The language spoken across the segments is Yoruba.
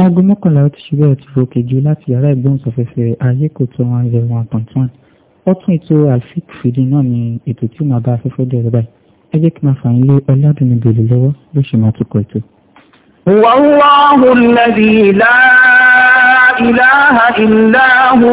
aago mọ́kànlá ó ti ṣe bẹ́ẹ̀ ti fòkè ju láti yàrá ìgbóhùnsáfẹ́fẹ́ ayé kò tó wọn zero one point one wọ́n tún ètò alfik fìdí náà ní ètò tí màá bá afẹ́fẹ́ dẹ̀rẹ̀ báyìí ẹ jẹ́ kí n máa fà yín lé ọládùnní bèrè lọ́wọ́ bó ṣe máa tukọ̀ ètò. wàhùn wàhùn ìlà ìlà ìlà hù.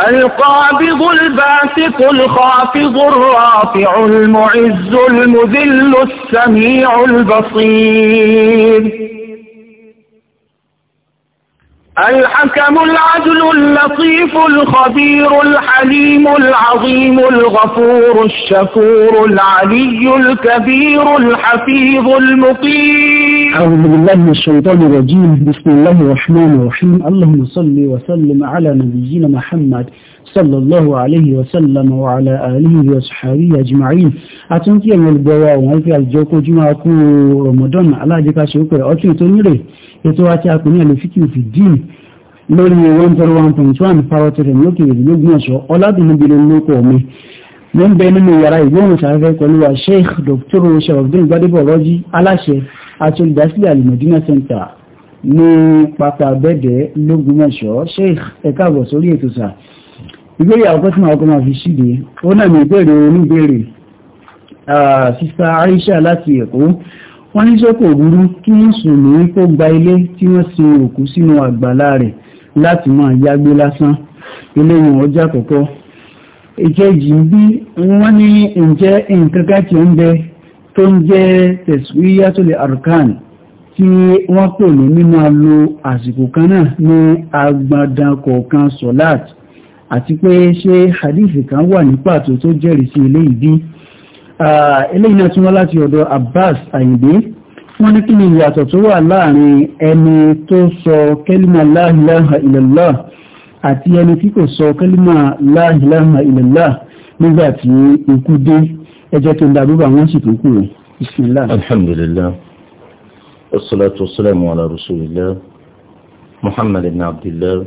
القابض الباسط الخافض الرافع المعز المذل السميع البصير الحكم العدل اللطيف الخبير الحليم العظيم الغفور الشكور العلي الكبير الحفيظ المقيم أعوذ بالله من الشيطان الرجيم بسم الله الرحمن الرحيم اللهم صل وسلم على نبينا محمد صلى الله عليه وسلم وعلى آله وصحبه أجمعين أتون كي أن يلقوا ومالك الجوكو جمعكو رمضان على جكا شوكو أوكي تنري يتواتي أكوني الفكر في الدين lórí 101.1 parọ́tẹ̀rẹ̀ lókè ìlúgbìn ọ̀ṣọ́ ọládùnúbìnrin lókò omi wọ́n ń bẹ nínú yàrá ìgbóhùn sáfẹ́ pẹ̀lú wa sheikh dr sharafdin gbadebo rọ́jí aláṣẹ àti olùdásílẹ̀ alimọ̀dínà center ní pápá bẹ́ẹ̀dẹ̀ lógún ọ̀ṣọ́ sheikh ẹ̀ka àbọ̀ sórí ètò sáà ìgbéyà ọkọ́ tí ma ọkọ́ ma fi ṣíde ó náà ní ìbéèrè oníbéèrè sísá Aisha láti Èkó wọ́n ní ṣé kò burú kí mùsùlùmí kó gba ilé tí wọ́n sin òkú sínú àgbàlá rẹ̀ láti máa yágbé lásán ilé ìwọ̀n ọjà kọ̀kọ́ ìkejì bí wọ́n ní ǹjẹ́ nǹkankan tí ó ń bẹ tó ń jẹ́ tẹ̀síwíyàtò lè arkan tí wọ́n pè ní mímọ̀ lo àsìkò kan náà ní agbádàn kọ̀ọ̀kan sọ̀láàtì àti pé ṣé hadith kan wà ní pàtó tó jẹ́rìí sí eléyìí bí eléyìí náà tí wọ́n láti ọ̀dọ̀ Abbas Àyìndé wọ́n ní kí ni ìyàtọ̀ tó wà láàrin ẹni tó sọ kẹ́límà la ilaha illallah àti ẹni tí kò sọ kẹ́límà la ilaha illallah nígbà tí ikú dé ẹjẹ́ tó ń da bíbà wọ́n sì tó kù rẹ̀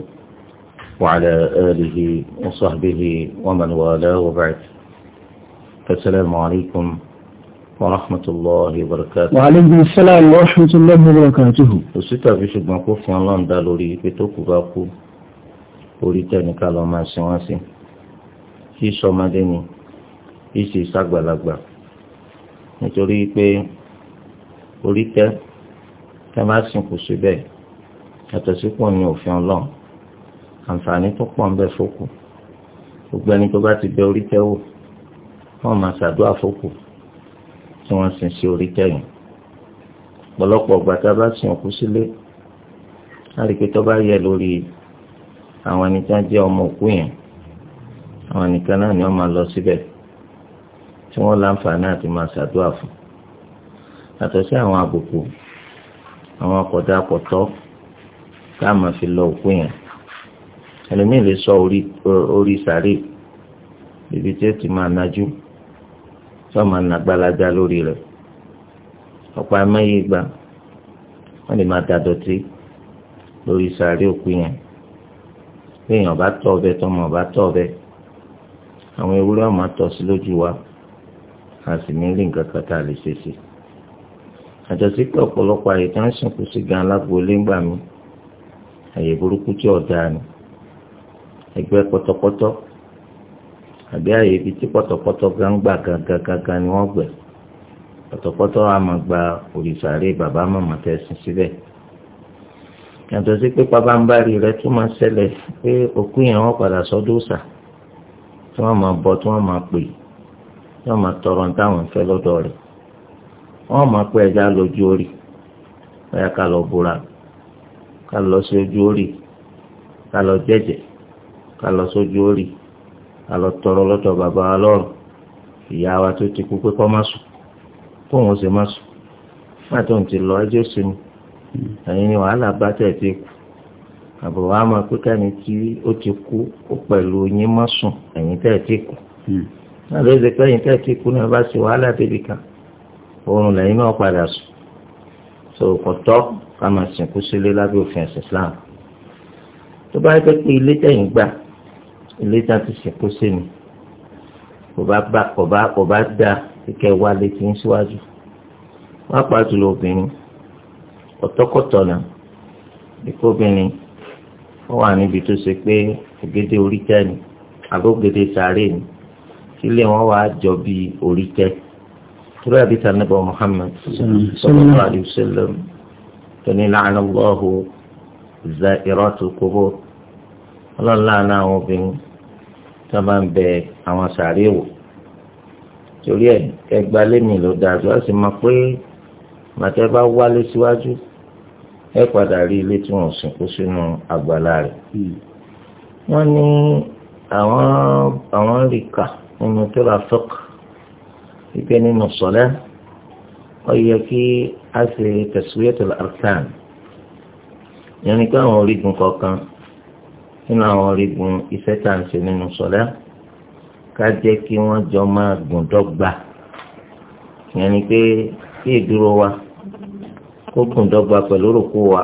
وعلى آله وصحبه ومن والاه وبعد فالسلام عليكم ورحمة الله وبركاته وعليكم السلام ورحمة الله وبركاته òsítà fi ṣùgbọ́n kó fún ọlọ́run dá lórí pé tó kù bá kú orí tẹ́nìká lọ máa sin wá sí kí sọmọdé ni kí sì ṣàgbàlagbà nítorí pé orí tẹ́ tẹ́ máa sìnkú síbẹ̀ yàtọ̀ sípò ní òfin ọlọ́run àǹfààní tó pọ̀ ń bẹ fókù gbogbo ẹni tó bá ti bẹ orí tẹ́wò wọ́n máa ṣàdúrà fókù tí wọ́n sì ń ṣe orí tẹ́yìn ọ̀pọ̀lọpọ̀ gbàtà bá sìn òkú sílé láti pé tó bá yẹ lórí àwọn ẹni tí wọ́n jẹ́ ọmọ òkú yẹn àwọn nìkan náà ni wọ́n máa lọ síbẹ̀ tí wọ́n láǹfààní àti máa ṣàdúrà fún yàtọ̀ sí àwọn àbùkù àwọn ọkọ̀dà pọ̀tọ́ ká máa fi lọ òkú yẹn ẹlòmíì lè sọ orí sàárè ibi tí ẹ ti máa nájú tí wọn máa nà gbalaja lórí rẹ̀ ọ̀pọ̀ amáyé gbà wọ́n lè máa da dọ̀tí lórí sàárè òkú yẹn léèyàn bá tọ̀ ọbẹ̀ tọmọ bá tọ̀ ọbẹ̀ àwọn ewúrẹ́ ọmọ tọ̀ sí lójú wa a sì ní rí nǹkan kan lè ṣe sí àjọsí pé ọ̀pọ̀lọpọ̀ àyè tí wọ́n sìnkú sí gan alágbó lé àyè burúkú tí ọ̀dà ni ẹgbẹ́ pọ̀tọ̀pọ̀tọ̀ àbí àyè ibi tí pọ̀tọ̀pọ̀tọ̀ gbangba gangan ni wọ́n gbẹ̀ pọ̀tọ̀pọ̀tọ̀ wa máa gba òrìṣàrí bàbá màmá tẹ̀sán síbẹ̀ yàtọ̀ sí pé pabambari rẹ̀ tún máa ṣẹlẹ̀ pé òkú yẹn wọ́n padà sọ́dọ̀ sà tí wọ́n máa bọ tí wọ́n máa pè tí wọ́n máa tọrọ táwọn ń fẹ́ lọ́dọ̀ rẹ̀ wọ́n máa pẹ́ ẹja lójú orí ọ̀yà ká lọ búra ká lọ sí ojú orí ká lọ jẹ́jẹ́ ká lọ sójú òrì ká lọ tọrọ lọ́dọ̀ bàbá wa lọ́rùn ìyá wa tó ti kú pé kọ́ má sùn kó òun sì má sùn má tó ń ti lọ ẹjọ́ sí mi ni wàhálà bá tẹ̀ ti kú àbúrò wa máa pé káni tí ó ti kú ó pẹ̀lú yín má sùn ẹ̀yin tẹ̀ ti kú náà ló ṣe pé ẹ̀yin tẹ̀ ti kú náà bá ṣe wàhálà débi kan oorun lẹ́yìn náà padà sùn so kò tọ́ ká máa sìnkú sílé lábẹ́ òfin ẹ̀sìn Islam tó bá yẹ pé ilé tẹ̀yìn gbà ilé tá a ti ṣèkó sí mi kò bá bá kò bá kò bá dá kíkẹ́ wá létí ń síwájú wọ́n pa jùlọ obìnrin ọ̀tọ́kọ̀tọ̀ náà ikú obìnrin ó wà níbi tó ṣe pé ògèdè oríkẹ́ ni àbógèdè sàárè ni sílé wọn wà á jọ bí oríkẹ́ tura bí sanabọ Muhammad sallallahu alaihi wasallam tóní la'anallahu za'iratul qubur ọlọ́run láàánú àwọn obìnrin tí wọ́n bá ń bẹ àwọn sàárè wò torí ẹ̀ ẹgbà lẹ́mìí ló dáa tó a sì mọ̀ pé màtẹ́ bá wálé síwájú ẹ padà rí ilé tí wọ́n sìnkú sínú àgbàlá rẹ̀ wọ́n ní àwọn àwọn rìkà nínú tó fọ́k wípé nínú sọ̀lẹ́ ó yẹ kí a ṣe tẹ̀síwétò arkan yẹn àwọn orígun kọ̀ọ̀kan nínú àwọn orígun iṣẹ́ tá à ń ṣe nínú sọ̀dá ká jẹ́ kí wọ́n jọ máa gùn dọ́gba ìyẹn ni pé kí ìdúró wa kó gùn dọ́gba pẹ̀lú rògbò wa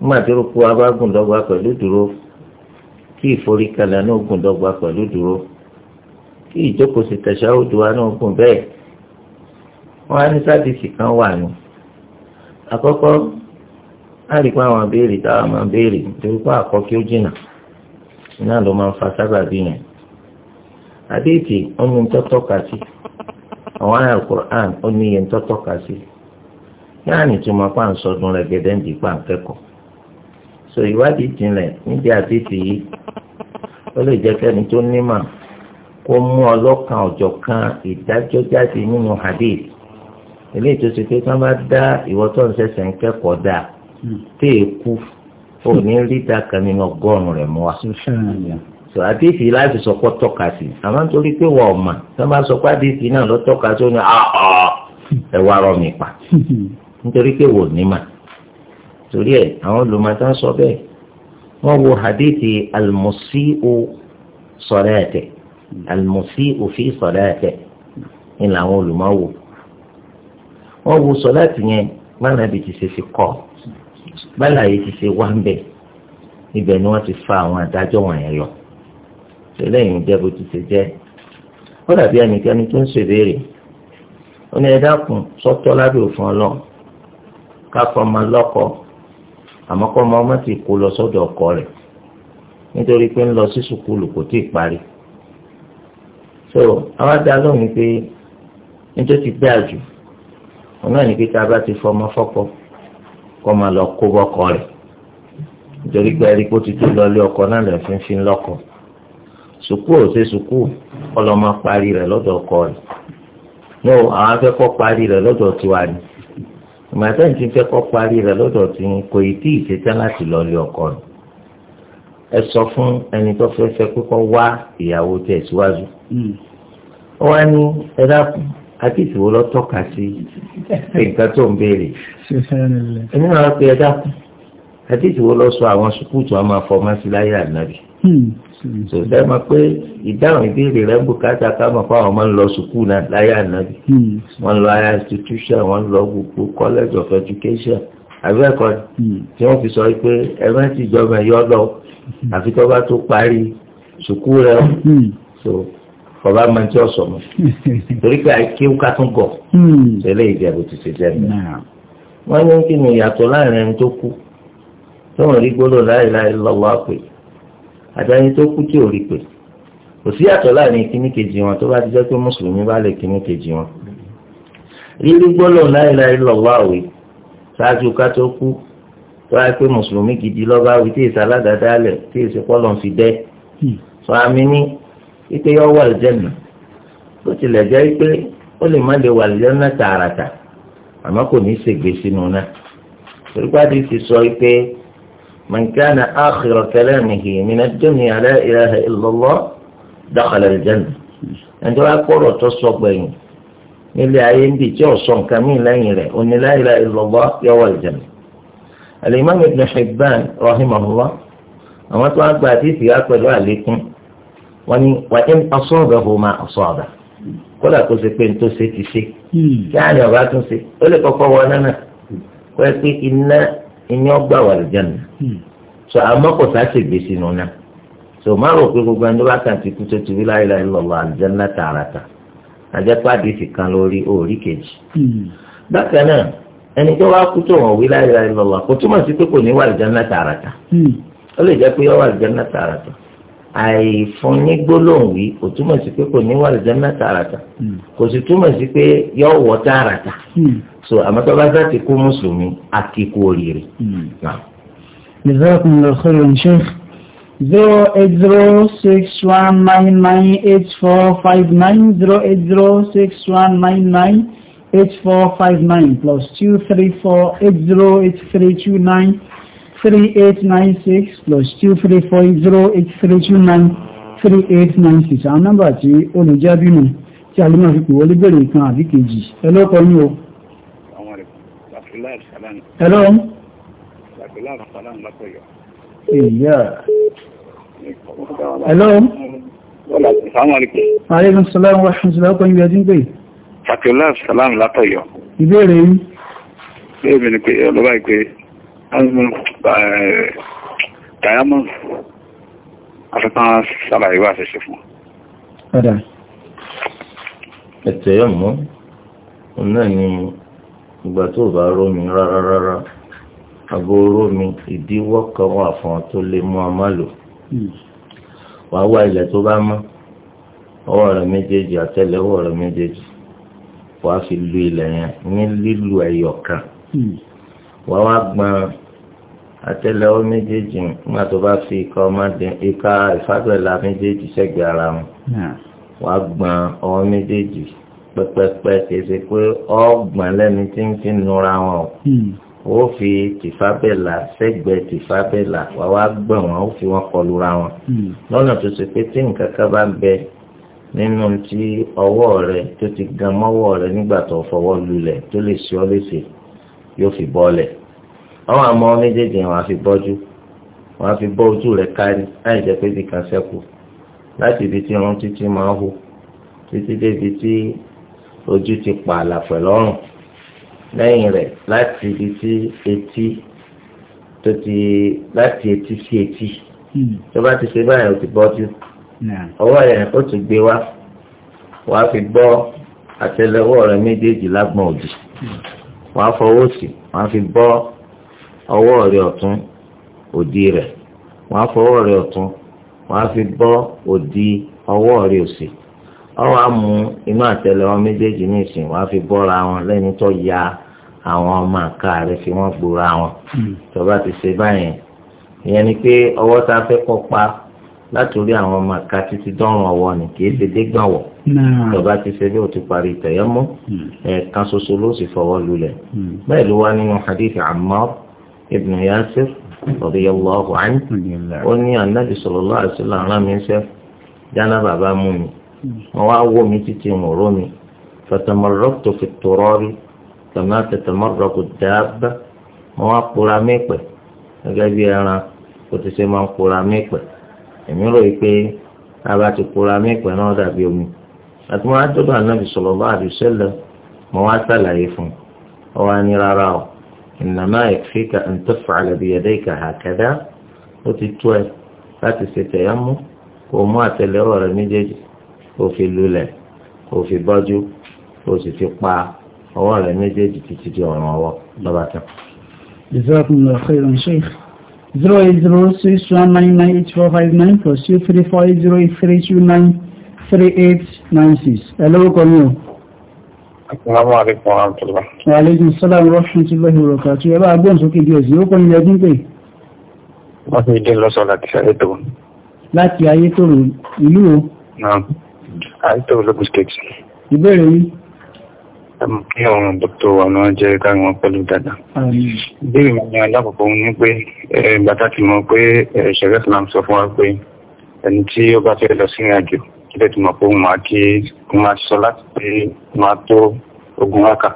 nígbà tí rògbò wa bá gùn dọ́gba pẹ̀lú ìdúró kí ìforíkalẹ̀ náà gùn dọ́gba pẹ̀lú ìdúró kí ìjókòó sì tẹ̀síwájú wa náà gùn bẹ́ẹ̀ wọ́n á ní sádìsì kan wà ní àkọ́kọ́. á rí pé àwọn abéèrè táwa máa béèrè akọ ki àkọ́kí ó jìnà iná ló máa ń fa sábàbí yẹn àdéhìtì ó ní tọ́tọ́ kà sí àwọn àyà Qur'an ó ní iye tọ́tọ́ kà sí yáà ní di so ìwádìí jinlẹ̀ níbi àdéhìtì yìí ó lè jẹ́ kẹ́ni tó nímọ̀ kó mú hadith eléyìí tó ṣe pé dá ìwọ́tọ̀ tẹ́ ẹ kú ò ní rí dàkà nínú ọgọ́rùn-ún rẹ̀ mú wa. sọ àdéhìí láti sọ pé tọ́ka sí i àmọ́ nítorí pé wọ́n ọ̀mà tó máa sọ pé àdéhìí náà ló tọ́ka sí ó ní ah, ah, ẹ wá rọ mi pa nítorí pé wò ní mà torí ẹ àwọn olùmọ̀tá sọ bẹ́ẹ̀ wọ́n wo àdéhìí al-musi'u salati al-musi'u fi salati ni làwọn olùmọ̀ wò wọ́n wo sọ láti yẹn gbọ́dọ̀ bí bálàyé ti ṣe wá ń bẹ̀ ibẹ̀ ni wọ́n ti fa àwọn adájọ́ wọ̀nyẹn lọ sẹlẹ́yìn jẹ́ bó ti ṣe jẹ́ ó dàbí ẹnikẹ́ni tó ń ṣèbéèrè ó ní ẹ dákun sọ́tọ́ lábẹ́ òfin ọlọ́run káfọ́ ọmọ lọ́kọ àmọ́ kọ́ ọmọ ọmọ ti kó lọ sọ́dọ̀ ọkọ rẹ̀ nítorí pé ń lọ sí sùkúlù kò tí ì parí so àwa dá lóhùn pé nítorí ti gbé àjù òun náà bá ti fọmọ fọ́pọ́ kọ́ máa lọ kó bọ́kọ rẹ̀ nítorí pé ẹ̀rí kó ti tó lọ lé ọkọ náà lè fi ń fi ń lọ́kọ sùkúù ò ṣe sùkúù kọ́ lọ́ máa parí rẹ̀ lọ́dọ̀ ọkọ rẹ̀ ní o àwọn afẹ́kọ́ parí rẹ̀ lọ́dọ̀ tiwa ni ìmọ̀tẹ́ni ti fẹ́ kọ́ parí rẹ̀ lọ́dọ̀ tí kò ì tí ì ṣetán láti lọ lé ọkọ rẹ̀ ẹ sọ fún ẹni tó fẹ́ fẹ́ pé kọ́ wá ìyàwó tẹ̀ síwájú. Hmm. wọ́n ní ẹ dákun àdìsí wo lọ tọ́ka sí nǹkan tó ń béèrè ẹni máa pe ẹ dákun àdìsí wo lọ sọ àwọn sukùl tí wọ́n máa fọmọ sí láyé ànábì hmm. sọ̀tẹ́ ma pé ìdáhùn ìbéèrè rẹ̀ ń bùkátà ká mọ̀ fún àwọn ọmọ ń lọ sùkúù náà láyé ànábì hmm. wọ́n lọ higher institution wọ́n lọ gbogbo college of education àbẹ́ẹ̀kọ́ hmm. tí wọ́n fi sọ pé ẹ̀rọ ti jọba ẹ̀yọ́ lọ àfi tó bá tó parí sùkúù rẹ̀ so bàbá máa ń tí ọ̀sọ̀ mọ́ hmm. torí pé àìkéwú ká tún gọ̀ tẹ́lẹ̀ hmm. ìjẹ̀bù ti ṣe jẹ́ mi. ní kí ni ìyàtọ̀ láàrin ẹni tó kú tó ń rí gbọ́dọ̀ láìláì lọ́wọ́ àpè àtàyè tó kú tí ò rí pè kò sí ìyàtọ̀ láàrin kíní kejì wọn tó bá ti jẹ́ pé mùsùlùmí bá lè kíní kejì wọn. rírí gbọ́dọ̀ láìláì lọ́wọ́ àwè ṣáájú ká tó kú tó wáyé pé mùsùlùmí gidi lọ́ba àwè tí èsì aládàáda wípé yọ wà lìjẹ́nà bó tilẹ̀ jẹ́ wípé ó lè má lè wà lìjẹ́nà tààràtà àmọ́ kò ní í ṣègbè sínú náà torípàdé ti sọ wípé man kana akhira kalamihi min ad-dunya la ilaha illallah dakhala al-janna ẹjọ́ akọ́rọ̀ tó sọ gbẹ̀yìn nílé ayé ń bì tí ò sọ nǹkan mí lẹ́yìn rẹ̀ òní la ilaha yọ wà lìjẹ́nà al ibn Hibban rahimahullah àwọn tó wá gba àdìsí wá pẹ̀lú àlékún wọ́n ní wà ń aṣọ ọ̀bẹ fún ma aṣọ ọ̀bẹ kódà kó ṣe pé n tó ṣe ti ṣe hmm. kí àná ọba tún ṣe ó lè kọ́kọ́ wọ iná kó ẹ pé iná iná gbà wà lójà hmm. so àmọ́ kò sá ṣègbè sínú náà so má rò pé gbogbo ẹni tó bá kàn ti kú tó ti wí láyé láyé lọ́wọ́ àlùjáná tààràtà àjẹpàdé sì kan lórí òórí kejì hmm. bákan náà ẹni tó wá kú tó wọ̀n wí láyé láyé lọ́wọ́ kò túmọ̀ sí pé kò ní wà àlùjáná tààràtà ó lè jẹ́ pé ó wà àlùjáná tààràtà àìfúnni gbólóhùn wí kò túmọ̀ sí pé kò ní wà lẹ́jọ́ náà tààràtà hmm. kò sì túmọ̀ sí pé yọ wọ́ tààràtà hmm. so àmọ́ tó bá sá ti kú mùsùlùmí àkíkú oríire. Hmm. jazakum allah khairan sheikh zero eight zero six one nine nine eight four five nine zero eight zero six one nine nine eight four five nine plus two three four eight zero eight three two nine three eight nine six plus two three four zero eight three two nine three eight nine six àwọn nọ́mbà tí olùjábìnú tí alimọ̀ fi pè wọlé bẹ̀rẹ̀ kan àbí kejì ẹ lọ́kọ̀ ní o. hello. hello. aleykum salaam wa rahmatulah ọkọ̀ yìí ẹ̀dín pé. sakilaf salam látọ̀yọ̀. ìbéèrè yìí. bẹ́ẹ̀ mi ni pé ọlọ́ba ìpè tàyámọ̀ afẹ́tán sàlàyé wà ṣẹ̀ṣẹ̀ fún ọ̀dá ẹ̀tẹ̀ yọ mọ́ náà ni ìgbà tó bá rómi rárá rárá àbò rómi ìdíwọ́ kan wà fún ọ tó lè mú ọmọ lò hmm. wàá wá ilẹ̀ tó bá mọ́ ọwọ́ rẹ̀ méjèèjì àtẹ́lẹwọ́ rẹ̀ méjèèjì wàá fi lu ilẹ̀ yẹn ní lílu ẹ̀yọ̀ kan hmm. wàá wá gbọ́n àtẹ́lẹwọ́ méjèèjì nígbà tó bá fi ìka ọmọdé ìka ìfágbẹ̀lá méjèèjì sẹ́gbẹ̀ ara wọn wàá gbọ̀n ọwọ́ méjèèjì pẹpẹpẹ kìí ṣe pé ọgbọ̀n lẹ́ni tí ń fi nura wọn o hmm. ó fi tìfábẹ́là sẹ́gbẹ̀ẹ́ tìfábẹ́là wàá wá gbọ̀n wọn ó fi wọn kọlura wọn hmm. lọ́nà tó ṣe pé tí nǹkan kan bá bẹ nínú tí ọwọ́ rẹ tó ti gan mọ́wọ́ rẹ nígbà tó fọwọ́ lulẹ̀ tó lè ṣe ọ́ léṣe yóò fi bọ́ọ̀lẹ̀ àwọn àmọ́ méjèèjì wọn á fi bọ́jú wọn á fi bọ́ ojú rẹ̀ kárí láì jẹ́ pé ibi kan ṣẹ́kù láti ibi tí irun títí máa hù títí débi tí ojú ti pààlà pẹ̀lú ọrùn lẹ́yìn rẹ̀ láti ibi tí etí tó ti láti etí sí etí hmm. tó bá ti ṣe báyìí ó ti bọ́jú ọwọ́ yẹn ó tún gbé wá wàá fi bọ́ àtẹ́lẹwọ́ rẹ̀ méjèèjì lágbọ̀n òdì hmm. wàá fọwọ́ sí wàá fi bọ́ ọwọ́ rẹ̀ ọ̀tún òdì rẹ̀ wọ́n á fọwọ́ rẹ̀ ọ̀tún wọ́n á fi bọ́ òdì ọwọ́ rẹ̀ òsì ọwọ́ á mú inú àtẹlẹ wọn méjèèjì ní ìsìn wọ́n á fi bọ́ra wọn lẹ́ni tó ya àwọn ọmọ àká rẹ̀ fi wọ́n gbóra wọn hmm. tó bá ti ṣe báyẹn ìyẹn ni pé ọwọ́ tá a fẹ́ kọ́ pa látòrí àwọn ọmọ àká títí dọ́rùn ọwọ́ ni kì í ṣe dégbà wọ̀ tọba ti ṣe bí o ti parí tẹ̀yẹ́mọ́ hmm. ẹ̀ẹ̀kan ṣoṣo ló sì fọwọ́ lulẹ̀ hmm. bẹ́ẹ̀ ló wá nínú hadith Ammar ibn Yasir radiyallahu anhu ó ní ànábì sallallahu alaihi wasallam rán mi ṣẹ́ jáná bàbá mú mi wọ́n wá wó mi títí wọ́n ró mi fatamarraqtu fi turabi kama tatamarraqu ad-dabba wọ́n wá pòórá mẹ́pẹ̀ gẹ́gẹ́ bí ẹran kò ti ṣe máa ń pòórá mẹ́pẹ̀ èmi rò yí pé tába ti pòórá mẹ́pẹ̀ náà dàbí omi àti wọ́n á dọ́dọ̀ ànábì sallallahu alaihi wasallam innama yakfika an taf'ala biyadayka hakada ó ti tó ẹ láti ṣe tẹ̀yàmú kó mú àtẹlẹwọ́ rẹ méjèèjì kó fi lulẹ̀ kó fi bọ́jú kó sì fi pa ọwọ́ rẹ méjèèjì títí di ọ̀ràn ọwọ́ lọ́ba tán. jazakumullahu khairan sheikh zero eight zero six one nine nine eight four five nine plus two three four eight zero eight three two nine three eight nine six. ẹ lórúkọ mi o. Assalamu alaikum wa rahmatullah. Wa alaikum salam wa rahmatullahi wa barakatuh. Ẹ bá gbọ́n sókè díẹ̀ sí, ó kọ́ ilẹ̀ ẹdún pé. Wọ́n ti dé lọ́sọ̀ láti Ayétòrò. Láti Ayétòrò, ìlú o? Náà, Ayétòrò ló bùsùkẹ̀tì. Ìbéèrè yìí. Ẹmọ kí ọ̀run bọ̀tọ̀ àwọn jẹ́ kárí wọn pẹ̀lú dáadáa. Ìbéèrè mi ni alákọ̀ọ́kọ́ ní pé bàtà ti mọ̀ pé ṣẹ̀rẹ́ Islam sọ fún wa pé ẹni tí ó bá fẹ́ lọ sí ìrìn àjò kílẹ̀ tó mọ̀ pé mo máa kí mo máa sọ láti pé mo máa tó ogun wákà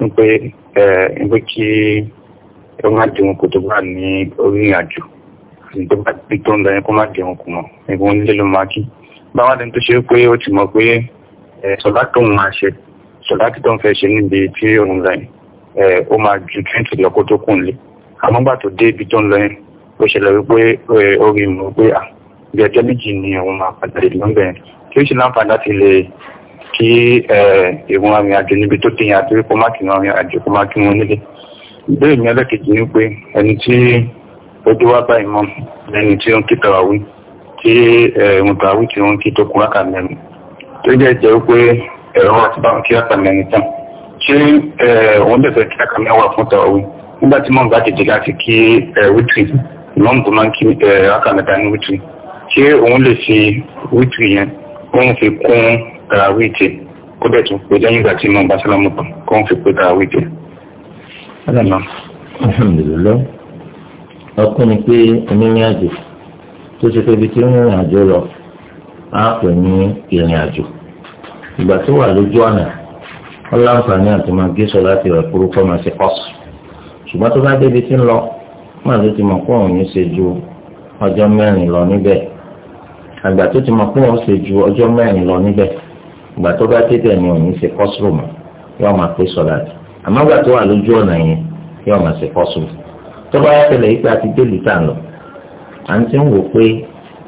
ń pé ń pé kí ó má dẹ̀wọ̀n kó tó bá ní orí ìrìnàjò tó bá ti tó ń lọ yẹn kó má dẹ̀wọ̀n kó mọ̀ ẹ̀gbọ́n nílé ló máa kí. báwọn ẹni tó ṣe pé ó ti mọ̀ pé sọlá tó ń máa ṣe sọlá tó ń fẹ́ ṣe níbi tí òun lọ yẹn ó máa ju twenty lọ kó tó kùn lé àmọ́ gbà tó dé ibi tó ń lọ yẹn ó ṣẹlẹ̀ wípé orí mi ò pé à bí ọjọ́ méjì ni òun máa padà ìlú ńbẹ̀ kí ó sì láǹfààní láti lè kí ìwọ̀n arìnrìn àjò níbi tó tẹ̀yìn àti kó má kí wọn arìnrìn àjò kó má kí wọn nílé ìbéèrè mi ẹlẹ́kejì ni pé ẹni tí ó dé wá báyìí mọ́ ẹni tí ó ń kí tàwáwí tí ìwọ̀n tàwáwí tí ó ń kí tó kún rákà mẹ́rin tó jẹ́ jẹ́ pé ẹ̀rọ àti báwọn kí rákà mẹ́rin tán ṣé òun dẹ̀ fẹ́ kí rákà mẹ́wàá fún tàwáwí nígbà tí mọ̀ bá tètè láti kí wítìrì mọ̀ ń bọ̀ máa ń kí rákà mẹ́ta ní wítìrì ṣé òun lè fi wítìrì yẹn òun fi kún tàràwí tẹ kó bẹ́ẹ̀ tún pé lẹ́yìn ìgbà tí mo bá sálámù tán kó òun fi pé tàràwí tẹ. ọlọ́nà. alhamdulilayi ọkùnrin pé onírìn àjò tó ṣe pé ibi tí ń rìn àjò lọ á pè ní ìrìn àjò ìgbà tó wà lójú ọ̀nà ọlọ́nfààní àti máa gé sọ láti rẹ̀ kúrú kọ́ máa ṣe kọ́sù ṣùgbọ́n tó bá débi tí ń lọ máa ló ti mọ̀ pé òun ní ṣe ju ọjọ́ mẹ́rin lọ níbẹ̀ àgbà tó ti mọ̀ pé wọ́n ṣe ju ọjọ́ mẹ́rin lọ níbẹ̀ ìgbà tó bá tètè ni òní ṣe kọ́sùrù ya yóò máa kwe sọ̀lá àmọ́ àgbà tó wà lójú ọ̀nà yẹn yóò máa ṣe kọ́sùrù tó bá yàtọ̀lẹ̀ pé a ti lọ à ti ń wò pé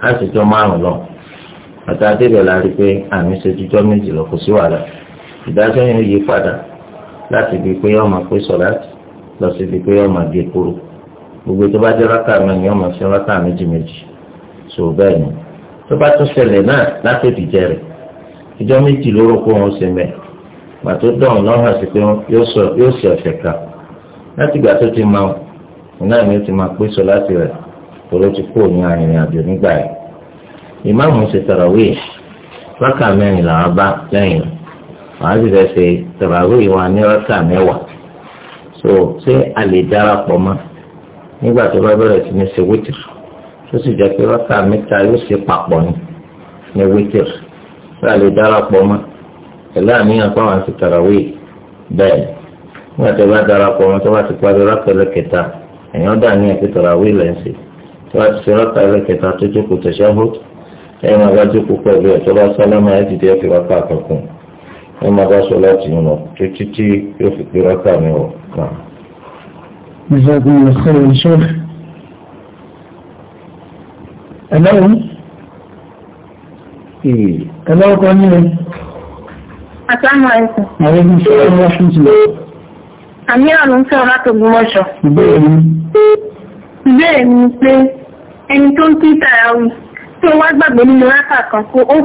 a sì jọ márùn lọ àti adébẹ̀ la rí pé àmì ṣe jíjọ́ méjì lọ kò sí wàhálà ìdájọ́ yẹn yí padà láti ibi pé yóò máa lọ sí ibi pé yóò máa gé gbogbo tó bá rákà mẹ́rin yóò tó bá tún ṣẹlẹ̀ náà láti ìdíjẹ rẹ̀ ìjọ méjì ló rò pé wọn ṣe mẹ́ gbà tó dọ̀hún náà hàn sí pé yóò ṣe ọ̀sẹ̀ kan láti ìgbà tó ti máa náà ni ó ti máa pèsè láti rẹ̀ tòró ti kúrò ní arìnrìn àjò nígbà yìí ìmáàmù ṣe tàràwíì rákà mẹ́rin làwọn bá lẹ́yìn àwọn àti fẹ́ ṣe tàràwíì wa ní rákà mẹ́wàá so ṣé a lè darapọ̀ mọ́ nígbà tó bá bẹ̀rẹ̀ sí ní ṣe wítìrì tó sì jẹ́ pé rákà mẹ́ta yóò ṣe papọ̀ ni ní wítìr tá a lè darapọ̀ mọ́ pẹ̀lú àníyàn pé àwọn ti tàràwé bẹ́ẹ̀ nígbà tó bá darapọ̀ mọ́ tó bá ti parí rákà ẹlẹ́kẹta èèyàn dà ní ẹ̀kẹ́ tàràwé lẹ́sìn tó bá ti ṣe rákà ẹlẹ́kẹta tó jókòó tashahhud ẹ̀yìn máa bá jókòó pẹ̀lú ẹ̀ tó bá sálámà ẹ̀ ti dé ẹ̀fẹ̀ rákà àkọ́kùn ẹ̀ máa bá sọ láti yàn lọ ẹ̀lọ́wọ́ ẹ̀lọ́wọ́ kan ní ẹ̀ Àtàmà ẹ̀kùn. Àwọn ibi ìṣẹ́ ọmọ ọ̀ṣun ti lọ. Àmì àrùn fẹ́ ọ̀rá tó gún mọ́ṣọ. Ìbéèrè mi. Ìbéèrè mi pé ẹni tó ń kí tàràwì tó wá gbàgbé nínú rákà kan kó ó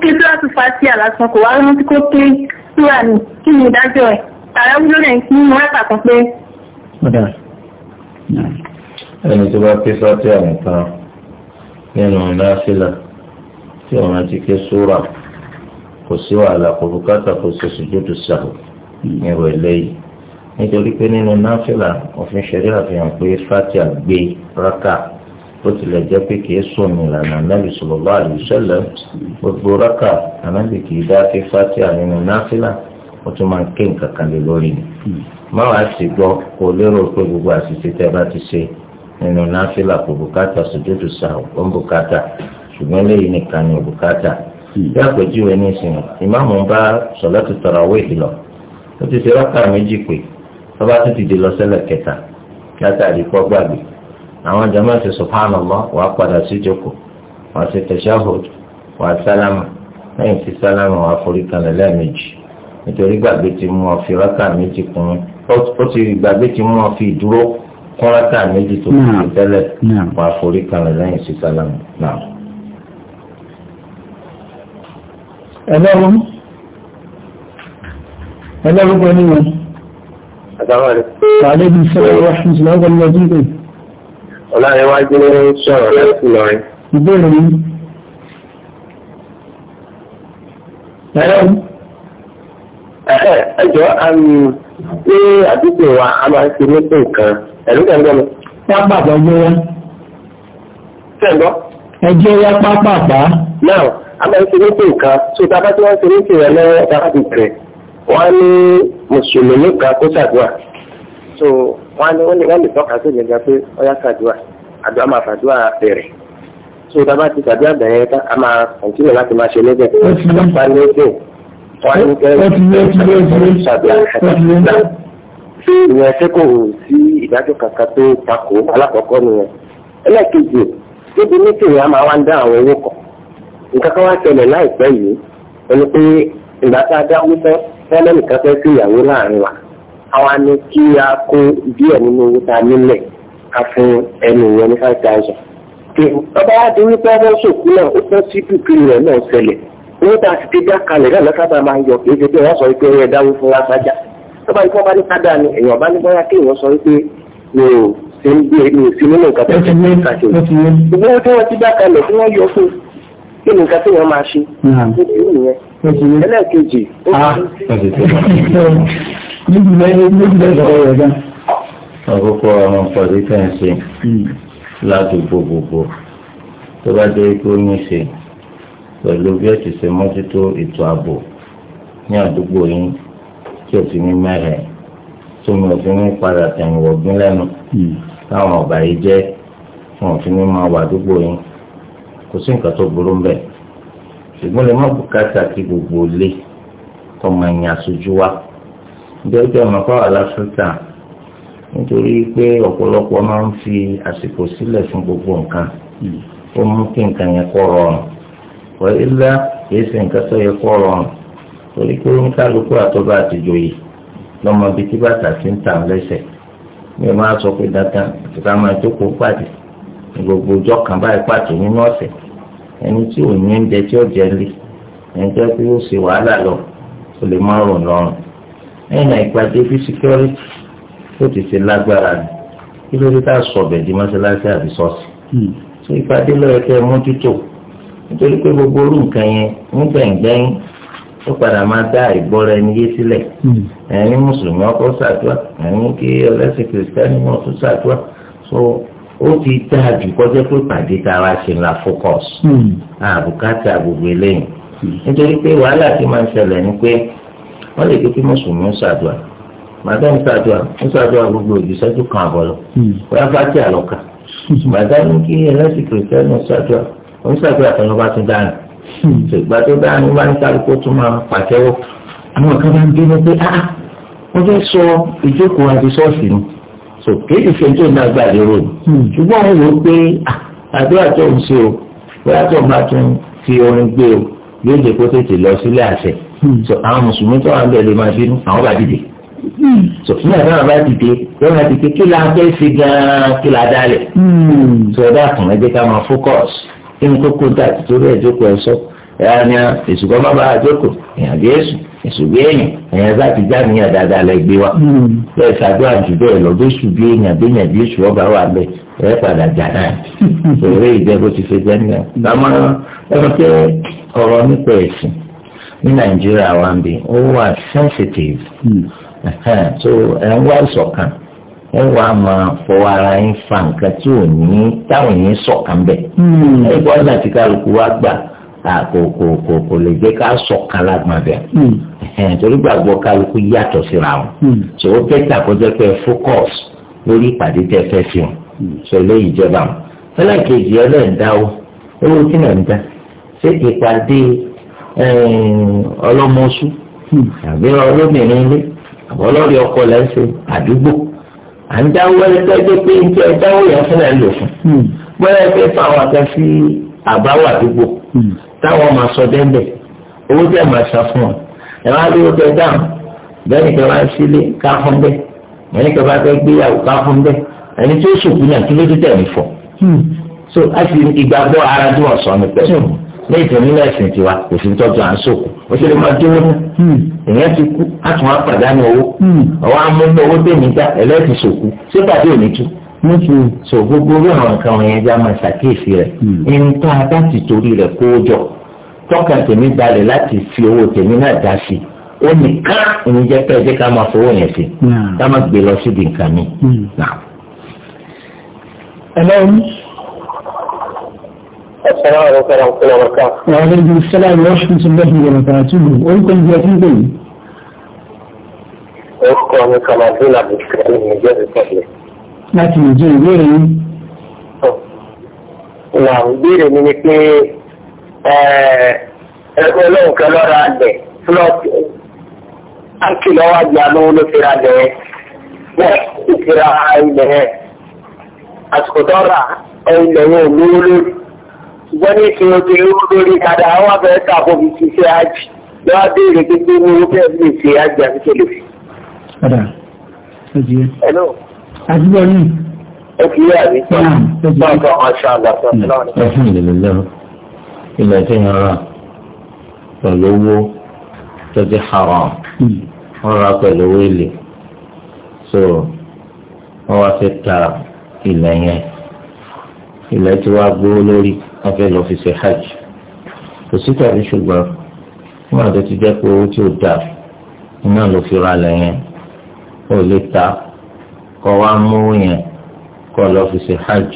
ké tó láti fa sí àlásán kò wá rántí kó ké túwà ní kí ni ìdájọ́ ẹ̀. Tàràwì ló lẹ̀ ń kí nínú rákà kan pé. Ẹni tó bá ké sọ́tì àrùn kan nínú náfìlà tí ọ̀ràn ti ké súrà kò sí wàhálà kò bùkátà kò sí sùjúdù sàhù nírò eléyìí nítorí pé nínú náfìlà òfin ṣẹ̀rí àfihàn pé fatia gbé rákà ó tilẹ̀ jẹ́ pé kìí sùn ìlànà anábì sallallahu alaihi wasallam gbogbo rákà anábì kìí dá sí fatia nínú náfìlà ó tún máa ń ké nǹkan kan lé lórí ni. má wàá sì gbọ́ kó lérò pé gbogbo àṣìṣe tẹ́ bá ti ṣe nínú náfìlà kò bùkátà sùjúdù sàhù ó ń bùkátà ṣùgbọ́n lẹ́yìn nìkan ni bùkátà. bí àpèjúwe ní ìsìn ìmáàmù ń bá sọ̀látù tarawih ìlọ ó ti ṣe rákà méjì pé bàbá tó ti dé lọ sẹ́lẹ̀ kẹta látàrí pọ́ gbàgbé àwọn jama ti subhanallah wàá padà sí jókòó wàá ṣe tashahhud wàá sálámà lẹ́yìn tí sálámà wàá forí kanlẹ̀ lẹ́ẹ̀mejì nítorí gbàgbé ti mú ọ fi rákà méjì kún ó ti gbàgbé ti mú ọ fi ìdúró kọ́ńtà méjì tó kù tẹ́lẹ̀ wà forí kalẹ̀ lẹ́yìn sí sálámù náà. ẹlẹ́rú ẹlẹ́rú pẹ̀lú wọn. Àlẹ́ bí sọ̀rọ̀ Rọ́ṣùn ti lọ́gbọ̀n lọ sí ìgbè. Ọláyẹwájú sọ̀rọ̀ láti Ìlọrin. Ìbéèrè yìí. Ẹlẹ́rú ẹjọ́ àmì um, pé àdúgbò wa a máa ń ṣe nípa nǹkan ẹ̀rú kẹ́ńgọ́ mi. pápá àgbàgbé wa. kẹ́ńgọ́. ẹjọ́ ya pápá àgbà. náà a máa ń ṣe nípa nǹkan tó tá a bá tí wọ́n ṣe nípa rẹ̀ lọ́wọ́ tá a wọ́n ní mùsùlùmí kan tó ṣàdúrà so wọ́n ní wọ́n lè tọ́ka sí ìgbà pé ó yá ṣàdúrà àdúrà máa fàdúrà bẹ̀rẹ̀ so tá a bá ti ṣàdúrà bẹ̀rẹ̀ a máa kọ̀ntínú láti máa ṣe ìyẹn ṣé kò sí ìdájọ́ kankan tó takò alákọ̀ọ́kọ́ nìyẹn ẹlẹ́ẹ̀kejì níbi mítìrì a máa wá ń dá àwọn owó kọ̀ nǹkan kan wá ṣẹlẹ̀ láìpẹ́ yìí ẹni pé ìgbà tá a dá owó fẹ́ fẹ́lẹ́ nìkan fẹ́ sí ìyàwó láàrin wa àwa ni kí a kó díẹ̀ nínú owó tá a nílẹ̀ ká fún ẹnu ìyẹn ní five thousand. ọba wa di wípé ọmọ ṣòkú náà ó fẹ́ sí dùkú rẹ̀ náà ṣẹlẹ̀ owó tá a ti ti dá kalẹ̀ náà lọ́sàbà máa ń yọ kì í ṣe pé wọ́n sọ pé ẹ dáwó fún wa sájà tó bá ní fún ọba ní sádà ni èèyàn bá ní bọ́yá kí èèyàn sọ pé mi ò sí bí mi ò sí nínú nǹkan tó ti ní ìka ṣe owó tí wọ́n ti dá kalẹ̀ tí wọ́n yọ fún kí ni nǹkan tí wọ́n máa ṣe ẹlẹ́ẹ̀kejì ó ti ń ah, àkókò àwọn pàdé tẹ̀ ń ṣe hmm. ládùúgbò gbogbo tó bá dé kó ní ṣe pẹ̀lú bí ó ti ṣe mójútó ètò ààbò ní àdúgbò yín tí ò ti ní mẹ́rẹ̀ tó mi ò fi ní padà tẹ̀yìn wọ̀gbìn lẹ́nu hmm. táwọn ọ̀bà yìí jẹ́ wọn ò fi ní máa wà àdúgbò yín kò sí nǹkan tó burú mbẹ̀ ṣùgbọ́n lè má bùkátà kí gbogbo lé tọmọ ẹ̀yìn aṣojú wa nítorí pé ọmọ fáwọn aláfíríkà nítorí pé ọ̀pọ̀lọpọ̀ máa ń fi àsìkò sílẹ̀ fún gbogbo nǹkan hmm. ó mú kí nǹkan yẹn kọ́ rọrùn wọ́n ilá kìí ṣe nǹkan tó yẹ kó rọrùn torí pé ó ń kálukú àtọ́gbà àtijọ́ yìí lọ́mọ bíi tí bàtà ti ń tà lẹ́sẹ̀ mi ò máa sọ pé dandan àti ká máa jókòó pàdé gbogbo ọjọ́ kan báyìí pàtó nínú ọ̀sẹ̀ ẹni tí ò ní oúnjẹ tí ó jẹ lé ẹni tó pé ó ṣe wàhálà lọ kò lè má rùn lọ́rùn ẹ̀yìn náà ìpàdé bí security ó ti ṣe lágbára ni kí ló dé tá a sọ ọ̀bẹ̀ di mọ́ṣáláṣí àbí ṣọ́ọ̀ṣì tó hmm. ìpàdé lọ́yẹ̀kẹ́ mójútó nítorí pé gbogbo orú nǹkan yẹn ń gbẹ̀ngbẹ́yìn ó padà máa dá ìgbọ́ra ẹni yé sílẹ̀ hmm. ẹni mùsùlùmí ọkọ ṣàdúrà ẹni kí ọlẹ́sìn kìrìsìtẹ́nì wọn tún ṣàdúrà so ó ti dáa jù kọjá pé pàdé tara ṣe la focus àbùkátà hmm. gbogbo eléyìí nítorí pé wàhálà tí máa ń ṣẹlẹ̀ ni pé wọ́n lè dúkìá mùsùlùmí ń ṣàdúrà màdá ń ṣàdúrà ń ṣàdúrà gbogbo ìdìṣẹ́jú kan àbọ̀ lọ wọ́n á bá tí àlọ́kà màdá ní kí ẹlẹ́sìn kìrìsìtẹ́nì ṣàdúrà oníṣàgbé àtọ̀nà bá tún dànù hmm. ìgbà tó dànù bá ní kálukú tún máa pàtẹ́wọ́ àwọn kan bá ń bínú pé ah, ah wọ́n fẹ́ sọ ìjókòó àti sọ́ọ̀sì ni so kéèkì ṣe tó ní agbára rò ṣùgbọ́n wọ́n wò ó pé ah, àdúrà tó ń ṣe o bóyá tó máa tún fi orin gbé o yóò jẹ́ kó tètè lọ sílé àṣẹ hmm. so àwọn mùsùlùmí tó wà ń bẹ̀ lè máa bínú àwọn bá dìde hmm. so ní àdáwà bá dìde yóò máa dìde kí la fẹ́ ṣe gan-an kí la dálẹ̀ so ẹ dákun ẹ jẹ́ ká máa fókọ̀sì kí n kókó dà torí ẹ̀ jókòó ẹ̀ sọ ẹ̀yà ni èsùkọ́ má bàa jókòó èèyàn bí èsù èsù bí èèyàn èèyàn bá ti já níyàn dáadáa lẹ gbé wa bẹ́ẹ̀ ṣàdúrà jù bẹ́ẹ̀ lọ bí èsù bí èèyàn bí èèyàn bí èsù ọba wà bẹ́ẹ̀ ẹ̀ padà jà náà torí ìjẹ́ bó ti ṣe jẹ́ níyàn. àmọ́ ẹnu pé nípa ẹ̀sìn ní nàìjíríà wa ń bì ó wà sensitive hmm. so ẹ̀ ń wá ìṣọ̀kan ẹ wà á máa fọwọ́ ara yín fa nǹkan tí ò ní táwọn yẹn sọ̀kan bẹ̀. Hmm. ẹ gbọ́ ọ̀nà tí kálukú wá gbà kò kò kò kò lè jẹ́ ká sọ̀kan lágbọ̀n hmm. torí gbàgbọ́ kálukú yàtọ̀ síra wọn. Hmm. so ó fẹ́ tàkọ́jọ́ pé focus lórí ìpàdé tẹ́ fẹ́ fi hàn. so eléyìí jẹba wọn. fẹ́lẹ́ kejì ọlẹ́ǹda o owó kí náà ń dá ṣé ìpàdé ọlọ́mọṣú àbí ọlọ́mìnirin lé àbọ̀lọ́rí ọkọ lẹ́sẹ̀ àdúgbò à ń dáwọ́ ẹgbẹ́ gbé pé ń jẹ́ dáwọ́ yẹn fún ẹ̀ lò fún hmm. bóyá ẹgbẹ́ fún àwọn akẹ́ sí àbáwọ̀ àdúgbò hmm. táwọn máa sọ dẹ́ńdẹ̀ owó tẹ̀ máa sọ fún ọ ẹ̀ wá lówó tẹ dáhùn bẹ́ẹ̀ ni kẹwàá sílé ká fún bẹ́ẹ̀ bẹ́ẹ̀ ni kẹwàá fẹ́ gbéyàwó ká fún bẹ́ẹ̀ ẹni tí ó ṣòkú náà kí ló dé tẹ̀ mí fọ hmm. so a sì ìgbàgbọ́ ara tí wọ́n sọ ní pẹ̀lú ní ìtẹ̀nínú ẹ̀sìn tiwa kò sí tọ́jú à ó ṣe lè máa dúró ní èèyàn hmm. ti kú á tún á pàdánù owó hmm. ọwọ́ amúnú owó tèmi dá ẹlẹ́sìn sòkò ṣé pàdé òní tú so gbogbo orí àwọn nǹkan wọn yẹn já máa ṣàkíyèsí rẹ̀ hmm. nǹkan adá torí rẹ̀ kó jọ tọ́ka tèmi balẹ̀ láti fi owó tèmi náà dá sí i ó nìkan òní jẹ́ pé ẹjẹ́ ká máa fowó yẹn sí ká máa gbé lọ síbi nǹkan mi. ẹ̀lọ́run Assalamu alaikum warahmatullahi wabarakatuh. Wa alaikum assalam wa rahmatullahi wabarakatuh. Orúkọ ìgbà tí ń pè yìí. Orúkọ mi Kamadun Abdulkarim Niger Republic. Láti Niger ìbéèrè yìí. Nà ìbéèrè mi ni pé ẹgbẹ́ olóhùn kan lọ́ra àgbẹ̀ flọ́ọ̀tì áńkì lọ́wọ́ àgbà lówó ló fi ra àgbẹ̀ yẹn. Bẹ́ẹ̀ ìfira ilẹ̀ yẹn. Àsìkò tó rà ilẹ̀ yẹn ò lówó lórí ṣùgbọ́n ní ìfihàn obìnrin ó lórí padà àwọn abẹ́rẹ́ tà fún mi ti ṣe àjì lọ́wọ́ béèrè gbígbé ní owó bẹ́ẹ̀ lè ṣe àjì àti tẹ̀lé. padà ó di ẹ. ẹnu. àdúgbò yìí. ó kì í yà mí. báwo bá wọn ṣe àgbà tó ń lọ. alhamdulilayi ilẹ̀ tí ń ra pẹ̀lú owó tó ti haram hmm. wọ́n ra pẹ̀lú owó èlé so wọ́n wá fi ta ilẹ̀ yẹn ilẹ̀ tí wàá gbówó lórí wọ́n fẹ́ lọ fi ṣe hajj kò sí tàbí ṣùgbọ́n wọn àti ti jẹ́ pé owó tí ó dà iná ló fi ra lẹ́yìn ó lè ta kọ́ wa mú yẹn kọ́ lọ fi ṣe hajj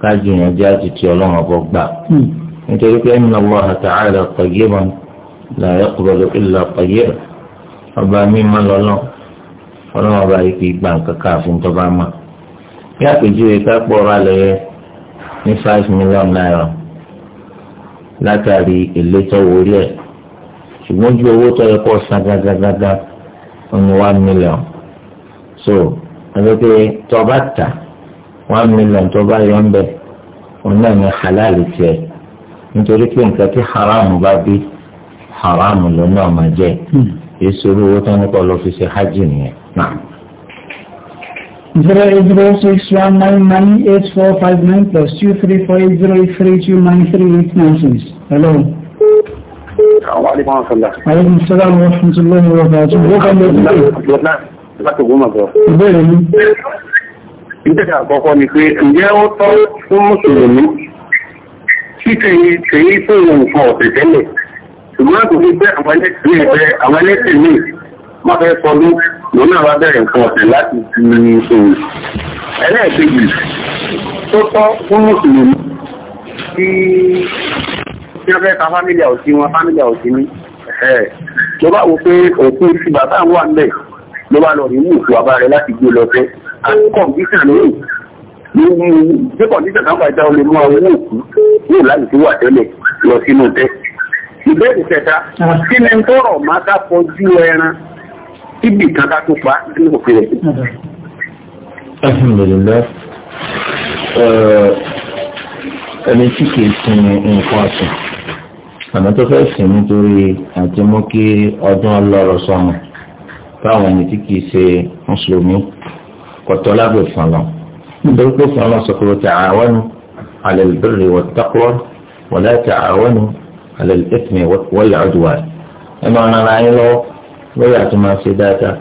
káàjì yẹn jẹ́ àtìtì ọlọ́run ọ̀bọ gbà hmm. nítorí pé inna Allaha ta'ala tayyiban la yaqbalu illa tayyiban ọba mímọ́ lọ́lọ́ ọlọ́run ọba yìí kì í gbà nǹkan káàfin tó bá mọ̀ bí àpèjúwe ká pọ̀ ra lẹ́yìn ní five million naira látàrí èlé tó wọlé ẹ̀ ṣùgbọ́n ju owó tó yẹ kó san gágágágá ní one million so àgbẹ̀pẹ̀ tó bá tà one million tó bá yọ ń bẹ̀ òun náà ní halal tiẹ̀ nítorí pé nǹkan tí haram bá bí haram ló náà jẹ́ hmm. èso owó tó ní kọ́ hajj nìyẹn náà. 08061998459 plus 2348083293896. Hello. Àwọn alẹ́kùn àwọn sọ́lá. Alẹ́kùn sọ́lá wọ́n fún tí lọ́nà wọ́n bá tún wọ́n kàn lọ́pẹ́. Láti gúnmọ̀ bọ̀. Ìbéèrè ní. Ìjẹ́jà àkọ́kọ́ ni pé ǹjẹ́ ó tọ́ fún Mùsùlùmí tí kèyí fún nǹkan ọ̀sẹ̀ tẹ́lẹ̀. Ṣùgbọ́n kò fi pé àwọn ẹlẹ́sìn ní ìfẹ́ àwọn ẹlẹ́sìn ní máa fẹ́ sọ lókè òun náà wá bẹ̀rẹ̀ nǹkan ọ̀sẹ̀ láti fi òun. ẹlẹ́ẹ̀kejì tó tọ́ fún mùsùlùmí tí tí wọ́n fẹ́ ka fámílì àwòsí wọn fámílì àwòsí ní ló bá wo pé òkú ti bàbá wà ń bẹ̀ ló bá lọ rí mú òkú bàbá rẹ̀ láti gbé lọ fẹ́ àti kọ̀ǹpútà lóyè nínú bí kọ̀ǹpútà kan bá já o lè mú àwọn owó òkú yóò láti fi wà tẹ́lẹ̀ lọ sínú tẹ́ ìbéèrè kẹta kí ni tọrọ máa ká fọjú ẹran ibì kan ká tó pa nínú òfin rẹ̀. alhamdulilayi ẹni tí kìí sin nǹkan ọ̀sìn àmọ́ tó fẹ́ sìn nítorí àti mú kí ọdún ọlọ́rọ̀ sọnù báwọn ẹni tí kìí ṣe mùsùlùmí kọ̀tọ́ lábẹ́ òfin lọ nítorí pé òfin lọ sọ pé ta'awanu 'ala al-birri wat-taqwa wa la ta'awanu 'ala al-ithmi wal-'udwan ẹ máa ń ara yín lọ́wọ́ lórí àti máa ṣe dáadáa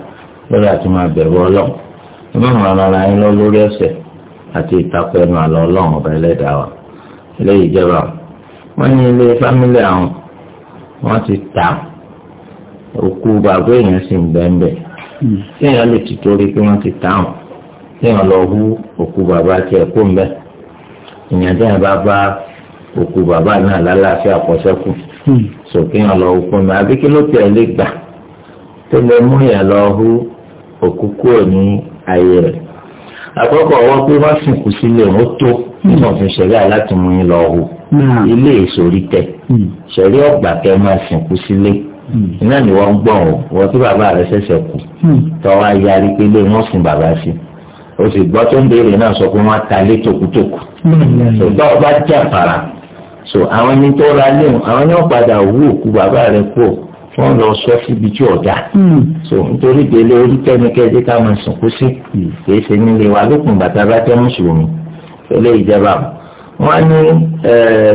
lórí àti máa bẹ̀rù ọlọ́run ẹ má máa rara yín lọ lórí ẹ̀ṣẹ̀ àti ìtakò ẹnu àlọ́ ọlọ́run ọba ẹlẹ́dàá wa eléyìí jẹba wọ́n ní ilé fámílì àwọn wọ́n ti ta òkú bàbá èèyàn sì ń bẹ́ńbẹ́ hmm. téèyàn lè ti torí pé wọ́n ti ta àwọn téèyàn lọ hú òkú bàbá tiẹ̀ kó ń bẹ́ ìyẹn téèyàn bá bá òkú bàbá náà lálàáfíà pọ̀ sẹ́kù hmm. sòkéèyàn lọ hú kó ń bẹ́ àbí ló tẹ̀ lé gbà tó lè mú yàn lọ hú òkú kúrò ní ayé rẹ̀ àkọ́kọ́ ọwọ́ pé wọ́n sìnkú sílé òun tó nínú òfin ṣẹ̀rí aláti mú yín lọ hù hmm. ilé ìsòrí tẹ hmm. ṣẹ̀rí ọ̀gbà kẹ́ máa sìnkú sílé hmm. iná ni wọ́n ń gbọ̀n o wọ́n tí bàbá rẹ̀ ṣẹ̀ṣẹ̀ kù tọ́wọ́ ayarí pé lé wọ́n sìn bàbá sí o sì gbọ́ tó ń béèrè náà sọ pé wọ́n ta lé tòkútòkù ṣùgbọ́n ọba jàpàrà so àwọn ẹni tó ra léwu àwọn ẹni ó padà wú òkú bàbá rẹ̀ kú wọ́n lọ sọ síbi tí ọ̀dà hmm. so nítorí délé orí kẹ́nikẹ́ni ká máa sùnkú sí hmm. kìí ṣe nílé wa lókun bàtà bá jẹ́ mùsùlùmí ilé ìjọba wọn ní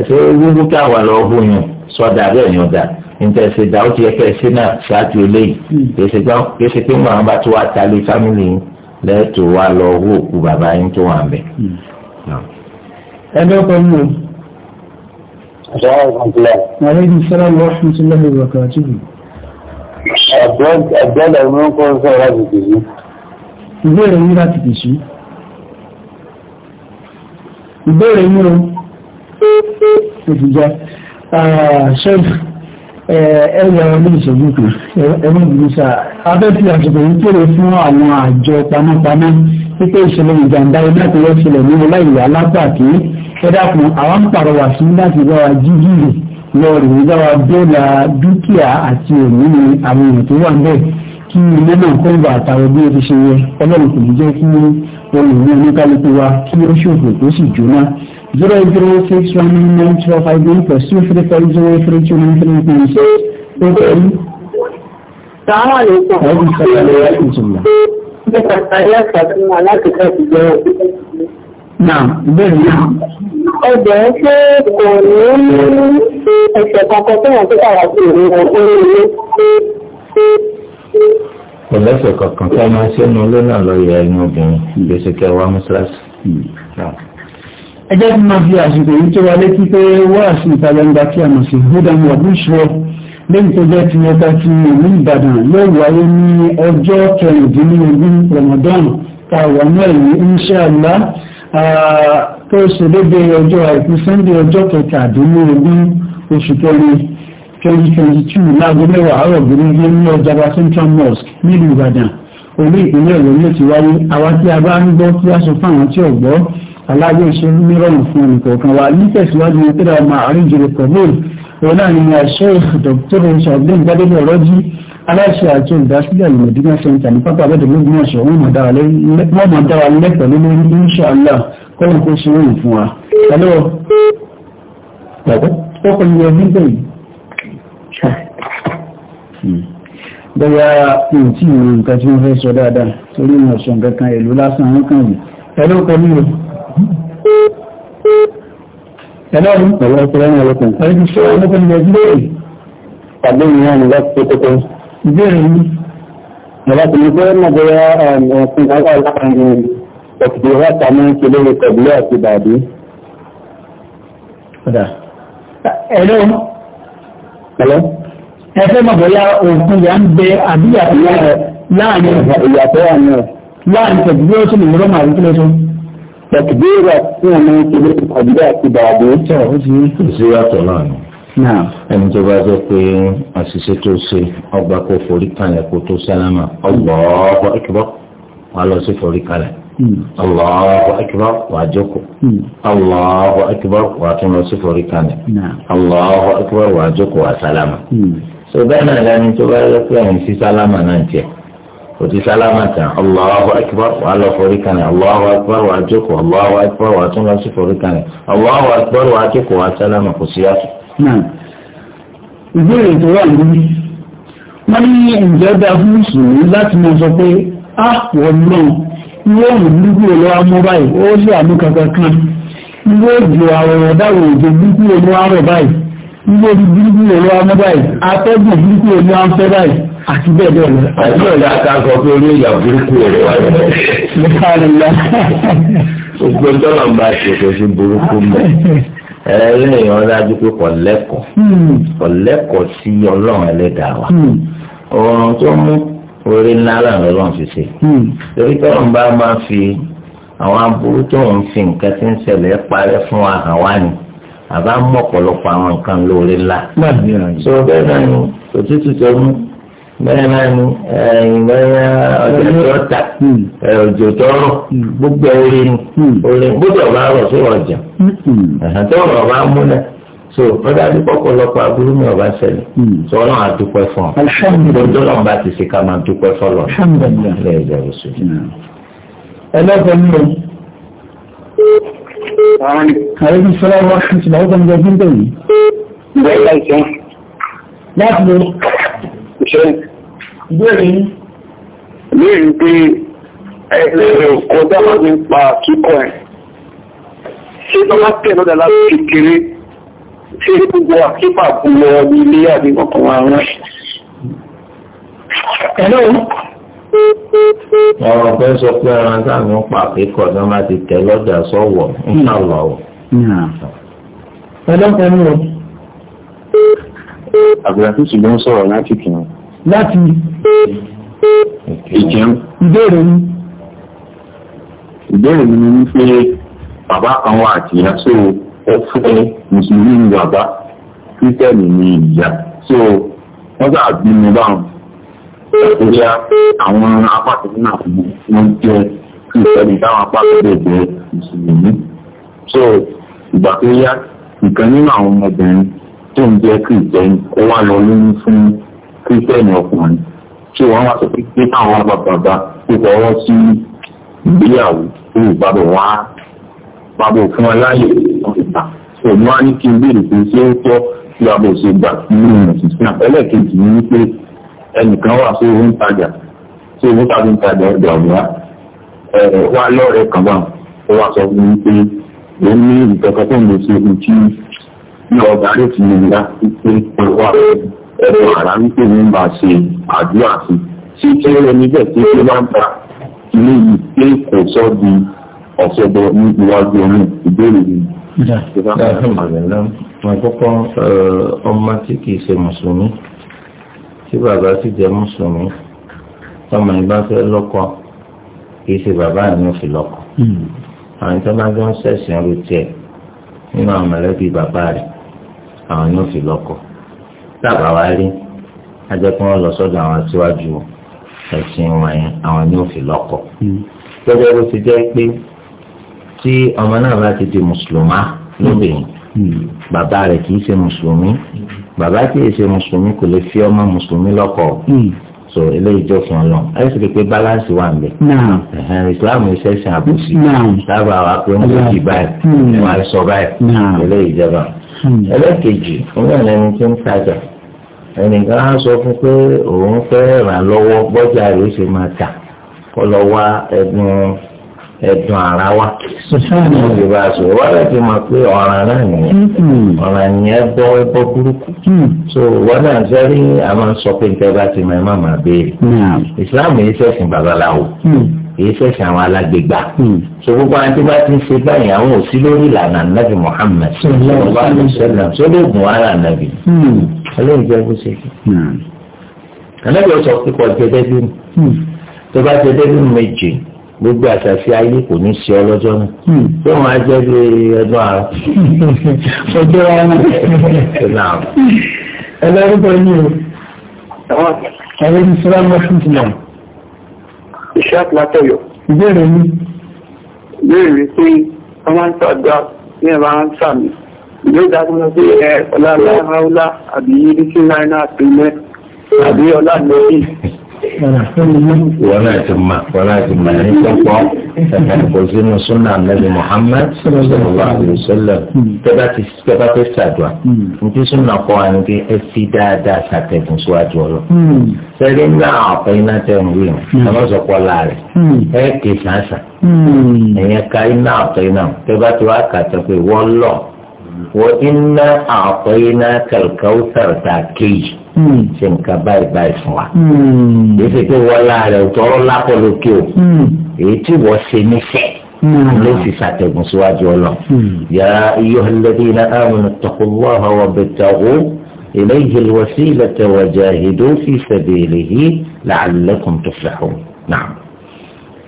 ṣé wíwú káwa lọ hùn sọdà bẹ́ẹ̀ ni ọ̀dà ntẹ̀sẹ̀ dà ó ti yẹ kẹ́sẹ̀ náà ṣáájú eléyìí hmm. kìí ṣe pé màá bá tó wa talé fámìlì yìí lẹ́ẹ̀tọ́ wa lọ hó òkú bàbá yín tó wà ń bẹ̀. ẹ bẹ́ẹ̀ kọ́ mú o. Àlejò sọ́lá lọ fún sílẹ̀ ìwọ̀kà àti ìlú. Àgbẹ́lẹ̀ ìwọ̀n kọ́ sọ́rọ̀ láti kìí. Ìbéèrè yìí láti kìí. Ìbéèrè yìí ó ti jẹ́. Ṣẹ́bù ẹ̀yà ọdún ìṣẹ́jú kan ẹ̀rọ ìgbìmọ̀sá abẹ́bí àṣìkò yìí kéré fún àwọn àjọ panápaná pípé ìṣẹ̀lẹ̀ ìjàmbá iná tó yẹ ṣẹlẹ̀ ní ọláìyá lápàkì ẹ̀dàkùn àwọn ń pàrọwà sí láti bá wa jí yìí lọ rè é bá wa bẹ́ẹ̀la dúkìá àti èmi ni àwọn èèyàn tó wà ń bẹ̀ kí ilé náà kọ́ ìgbà àtàwọn bí ó ti ṣe yẹ ọlọ́run kò ní jẹ́ kí olùwé oníkálukú wa kí ó ṣòfò tó sì jóná zero eight zero six one nine nine twelve five nine plus two three four zero three two nine three nine six ó kẹ́rì. sàárà ló sọ. ẹ̀rù sọ̀rọ̀ ló yẹ kí n sọ̀rọ̀. ṣé kàtà yẹ kàtúmọ̀ láti kẹ́kọ̀ọ́ jẹ́ òkú? Náà bẹ́ẹ̀ ni. Ẹgbẹ́ ṣé kò ní ẹ̀ṣẹ̀ kankan tó wọ́n tó kàwá sí ìrìn òkú nílé? kò lẹ́sẹ̀ kankan kí a máa ṣe nu ilé náà lọ yẹ ẹni obìnrin gbèsè kẹwàá mọ́ṣáláṣí. Hmm. ẹ jẹ́ kí máa fi àsìkò yìí tó wa létí pé wọ́n àṣì ìtàgbẹ́ngba kí a mọ̀ sí húdàmù àbúṣọ lẹ́yìn tó jẹ́ ti ẹ̀ka ti ìlú Ìbàdàn yóò wáyé ní ọjọ́ kẹrìndínlógún Ramadan táwọn náà yìí inṣàlá tó ṣe déédéé ọjọ́ àìkú Sunday ọjọ́ kẹtàdínlógún oṣù kẹrin 2022 láago mẹ́wàá àárọ̀ gbòmìnirí ní ọjàba central mosque nílùú ìbàdàn olú ìpínlẹ̀ èkó ní ti wáyé àwa tí a bá ń gbọ́ kí a sọ fáwọn tí ò gbọ́ aláàbò ìṣẹ́lú mìíràn fún ẹnìkọ̀ọ̀kan wa nítẹ̀síwájú ní tẹ́lẹ̀ ọmọ àárín jèrè kọ̀bọ́ọ̀lù òun náà ni àṣẹ dr ṣàgbọ́n gbadébọ̀ ọ̀rọ́jì aláṣẹ àti olùdásílẹ̀ ìmọ̀dínà sẹ́ńtà ní pápá abẹ́dẹ̀ lógún ọ̀ṣọ́ wọ́n mọ̀ dára lẹ́pẹ̀ lórí inṣàlá kọ́lùkọ́ ṣe wọ́n fún wa. ó kọ̀ yẹ nígbẹ̀yìn bóyá n tí ìwé nǹkan tí wọ́n fẹ́ sọ dáadáa torí wọn sọ nǹkan kan èlò lásán wọn kàn yìí ẹ̀lọ́ pẹ̀lú rẹ̀ ẹ̀lọ́ rí pẹ̀lú ọkùnrin ọlọ́kùnrin ẹ̀lú sọ ọlọ́kùnrin rẹ̀ sílẹ̀ tàbí ìyá ni láti tó kọ́kọ́ ìbéèrè yìí ẹ̀lá kò ní fẹ́ mọ̀ bóyá ọ̀sìn àwọn aláàrin ọ̀kùnrin wà tàmí ìṣẹ̀lẹ̀ rẹ̀ pẹ̀lú àti bàbí. ẹ̀lọ́ ẹfẹ́ mọ̀ bóyá oògùn yà ń bẹ àbí àtúnyà rẹ̀ láàrin ìyàtọ̀ àná rẹ̀ láàrin tẹ̀gbẹ́ ó tún ìrọ́mà àbí kí ló tún. tẹ̀gbẹ́ rẹ̀ fún ọmọ ìṣẹ̀lẹ̀ ìkọ̀dúrà àti bàbá tó ó ti ṣe yàtọ̀ láàrin. ẹni tó bá jẹ́ pé àṣìṣe tó ṣe ọgbà kó forí kalẹ̀ kó tó sálámà ọgbọ̀ọ́ ìkìbọ̀ wà lọ sí Allahu akbar wa joko. Allahu akbar wa tun lọ sí forí kalẹ̀. Hmm. Allahu akbar wa joko wa sálámà. Hmm so bẹ́ẹ̀ náà lẹ́ni tó bá yẹ pé ẹ̀yìn sí sálámà náà tiẹ̀ kò ti sálámà tán Allahu akbar wàá lọ forí kanlẹ̀ Allahu akbar wàá jókòó Allahu akbar wàá tún lọ sí forí kanlẹ̀ Allahu akbar wàá jókòó wàá sálámà kò sí yàtọ̀. ìbéèrè tó wà lórí wọ́n ní ǹjẹ́ bí fún mùsùlùmí láti mọ̀ sọ pé a wọ̀ náà ilé òun dúdú olówó amúbáyé ó lé àmúkankan kan ilé òjò àwọ̀rọ̀ dáwọ̀ ilé ibi burúkú lè lọ́wọ́ mọ́ báyìí atẹ́gùn burúkú lè lọ́wọ́ mọ́ báyìí àti bẹ́ẹ̀ bẹ́ẹ̀ lọ. àti ọ̀dà àtàkọ̀ pé orí ìyà burúkú lè wà lọ́wọ́. gbogbo tọ́lọ̀ ń bá ṣe kò sí burúkú mọ́ ẹlẹ́yìn ọ̀dájú pé kọ̀lẹ́kọ̀ hmm. kọ̀lẹ́kọ̀ sí ọlọ́run ẹlẹ́dàá wa hmm. ọ̀run tó mú orí ńlá lọ́lọ́run fi ṣe hmm. torí tọ́lọ̀ ń bá máa fi àwọn aburú tó ń fi nǹkan tí ń ṣẹlẹ̀ parẹ́ fún wa hàn ni àbá mọ ọ̀pọ̀lọpọ̀ àwọn nǹkan lóore ńlá. so bẹ́ẹ̀ náà ni òtútù tó mú bẹ́ẹ̀ náà ni ẹ̀yìn bẹ́ẹ̀ ọjà tó tà òjò tó rọ̀ gbogbo orin orin gbọ́dọ̀ bá rọ̀ sí ọjà tó rọ̀ bá mú náà so ọdọ adúpọ̀ pọ̀lọpọ̀ aburú mi ọba ṣẹlẹ̀ sọ ọlọ́run adúpẹ́ fún ọ lọ́jọ́ náà bá ti ṣe ká máa dúpẹ́ fọlọ́ ẹ̀ ẹ̀ ẹ̀ Àrẹ́bí Sọ́lá wá ṣe lọ́wọ́ ọmọ ọdún bẹ̀rẹ̀. Bẹ́ẹ̀ láìsẹ́. Láti lọ. Ìṣẹ́. Ìbéèrè yìí. Ìbéèrè pé ẹ̀rẹ̀ kọjá wà nípa kíkọ́ ẹ̀. Ṣé tọ́lá tẹ̀ lọ́dà láti kékeré? Ṣé gbogbo àkípà gbogbo ọdún ilé àdínkọ̀kan wa rán? ọ̀rọ̀ pé sọ pé ọ̀rọ̀ táwọn ń pa àkẹ́kọ̀ọ́ náà má ti tẹ̀ lọ́jà sọ̀wọ̀ ńlá wà ó. ẹlẹ́kọ̀ọ́ ni o. àbúrò ṣùgbọ́n sọ̀rọ̀ láti kìnnà. láti ìjẹun. ìbéèrè mi. ìbéèrè mi ni wípé bàbá kan wà àti ìyá tó ó fẹ́ mùsùlùmí bàbá kírísítẹ́nì ni ìyá tó wọ́n gbà bínú báwọn. bóyá àwọn apá tuntun náà fún wọn jẹ́ kìrìsìtẹ́nì táwọn apá lè jẹ́ so ìgbà tó yá ìkan nínú àwọn ọmọbìnrin tó ń jẹ́ kìrìsìtẹ́nì ó wá lọ lóyún fún kìrìsìtẹ́nì ọkùnrin tí wọ́n wá sọ pé pé tó sí ìgbéyàwó tó ẹnìkan wà sí ìwé ń tajà sí ìwé tàbí ń tajà ọjà ọ̀gá wà lọ́ọ̀rẹ́ kan bá ó wà sọ fún mi pé mo ní ìtọ́ka tó ń lè ṣe ohun tí ní ọba rẹ̀ ti lè yá pé wà ẹ̀rọ àrà ń pè ní bá ṣe àdúrà sí ṣé kí ẹ̀rọ níbẹ̀ tí ó bá ń ta ilé yìí pé kò sọ di ọ̀sẹ̀bọ ní iwájú ọ̀run ìbéèrè yìí. Dáadáa, ọmọ àkọ́kọ́ ọmọ tí kìí ṣe Mùsùlùmí tí bàbá sì jẹ́ mùsùlùmí tọ́mọ ìbá fẹ́ lọ́kọ kì í ṣe bàbá mi ò fi lọ́kọ. Hmm. àwọn tó bá jọ ń ṣẹ̀sìn ọ̀rọ̀ tiẹ̀ nínú àwọn mọ̀lẹ́bí bàbá rẹ̀ àwọn ni ò fi lọ́kọ. tábà wá rí ajẹ́ kí wọ́n lọ sọ́dọ̀ àwọn aṣíwájú ẹ̀sìn wọn yẹn àwọn ni ò fi lọ́kọ. Hmm. gẹ́gẹ́ bó ti jẹ́ pé tí ọmọ náà bá ti di mùsùlùmá lóbìnrin hmm. bàbá rẹ̀ kì í ṣe mùsùlùmí bàbá tí èsè mùsùlùmí kò lè fi ọmọ mùsùlùmí lọ́kọ hmm. so eléyìí jọ fún ọ lọ ẹ sì rí i pé balance wà nbẹ. ẹhẹn islam iṣẹ́ ṣe àbòsí sábà wà pé ń bójì báyìí hmm. wà á sọ báyìí eléyìí jẹba. Hmm. ẹlẹ́kejì òun náà lẹni tí ń tajà ẹnìkan á sọ fún pé òun fẹ́ ràn lọ́wọ́ bọ́jà rẹ̀ ṣe máa tà kọ́ lọ wá ẹ̀dùn ara wa. Ṣé bá a sọ wá láti máa pé ọ̀ràn náà nìyẹn? ọ̀ràn yẹn bọ́ ẹbọ burúkú. Hmm. So wọ́n náà sẹ́rí àwọn sọ pé níta bá ti máa máa béèrè. Ìsìláàmù hmm. yìí ṣẹ̀sìn babaláwo. Èyí hmm. ṣẹ̀sìn àwọn alágbègbà. So gbogbo àwọn tí bá ti ń ṣe báyìí àwọn ò sí lórí ìlànà nàbì Mùhàmmad. Ṣọlá ṣẹlẹ̀ ṣọlẹ́gùn ara nàbì. Ọlọ́run jẹ́ bó ṣe kí. Ànábì ọ̀sọ̀ kíkọ̀ jẹ́ dẹ́bí gbogbo àṣàṣe ayé kò ní ṣe ọlọ́jọ́ náà tó hmm. wọn á jẹ́ bí ẹgbọ́n ara. ọjọ́ ara ẹlẹ́rìndọ́ ni o ẹ̀rọ ní sọ́lá mọ́ṣúntì náà. iṣẹ́ àtúntàyọ̀. ìbéèrè mi. ìbéèrè pé wọ́n máa ń sọ̀dọ̀ ní ẹ̀rọ àwọn sàmì ìlú ìdájọ́ sí ẹ̀ ọ̀la láìláìlá àbí yìí sí láìláìlá àpèmẹ́ àbí ọ̀la lórí wọn náà ti ma wọn náà ti ma ní kọ́kọ́ kò sínú súnà nàbì Muhammad sallallahu alaihi wasallam tẹ́bá ti tẹ́bá fẹ́ sàdùà nítí súnà kọ́ wa ní kí ẹ fi dáadáa sàtẹ̀kùn síwájú ọ̀rọ̀ sẹ́rí náà ọ̀pẹ́ iná tẹ̀rùn wíwọ̀n àwọn sọ̀kọ́ láàrẹ̀ ẹ kì í sàǹsà ẹ̀yẹn ká iná ọ̀pẹ́ iná tẹ́bá ti wá kàtẹ́ pé wọ́n lọ wọ́n iná ọ̀pẹ́ iná kẹ̀kẹ́ ṣe nǹkan báyìí báyìí fún wa èyí ṣe pé wọlá rẹ̀ tọrọ lápọ̀lọ́kẹ́ o èyí tí wọ́n ṣe níṣẹ́ ló fi ṣàtẹ̀gùn síwájú ọlọ́run yà ayyuhalladhina amanu ittaqullaha wabtaghu ilayhi alwasilata wajahidu fi sabilihi la'allakum tuflihun na'am.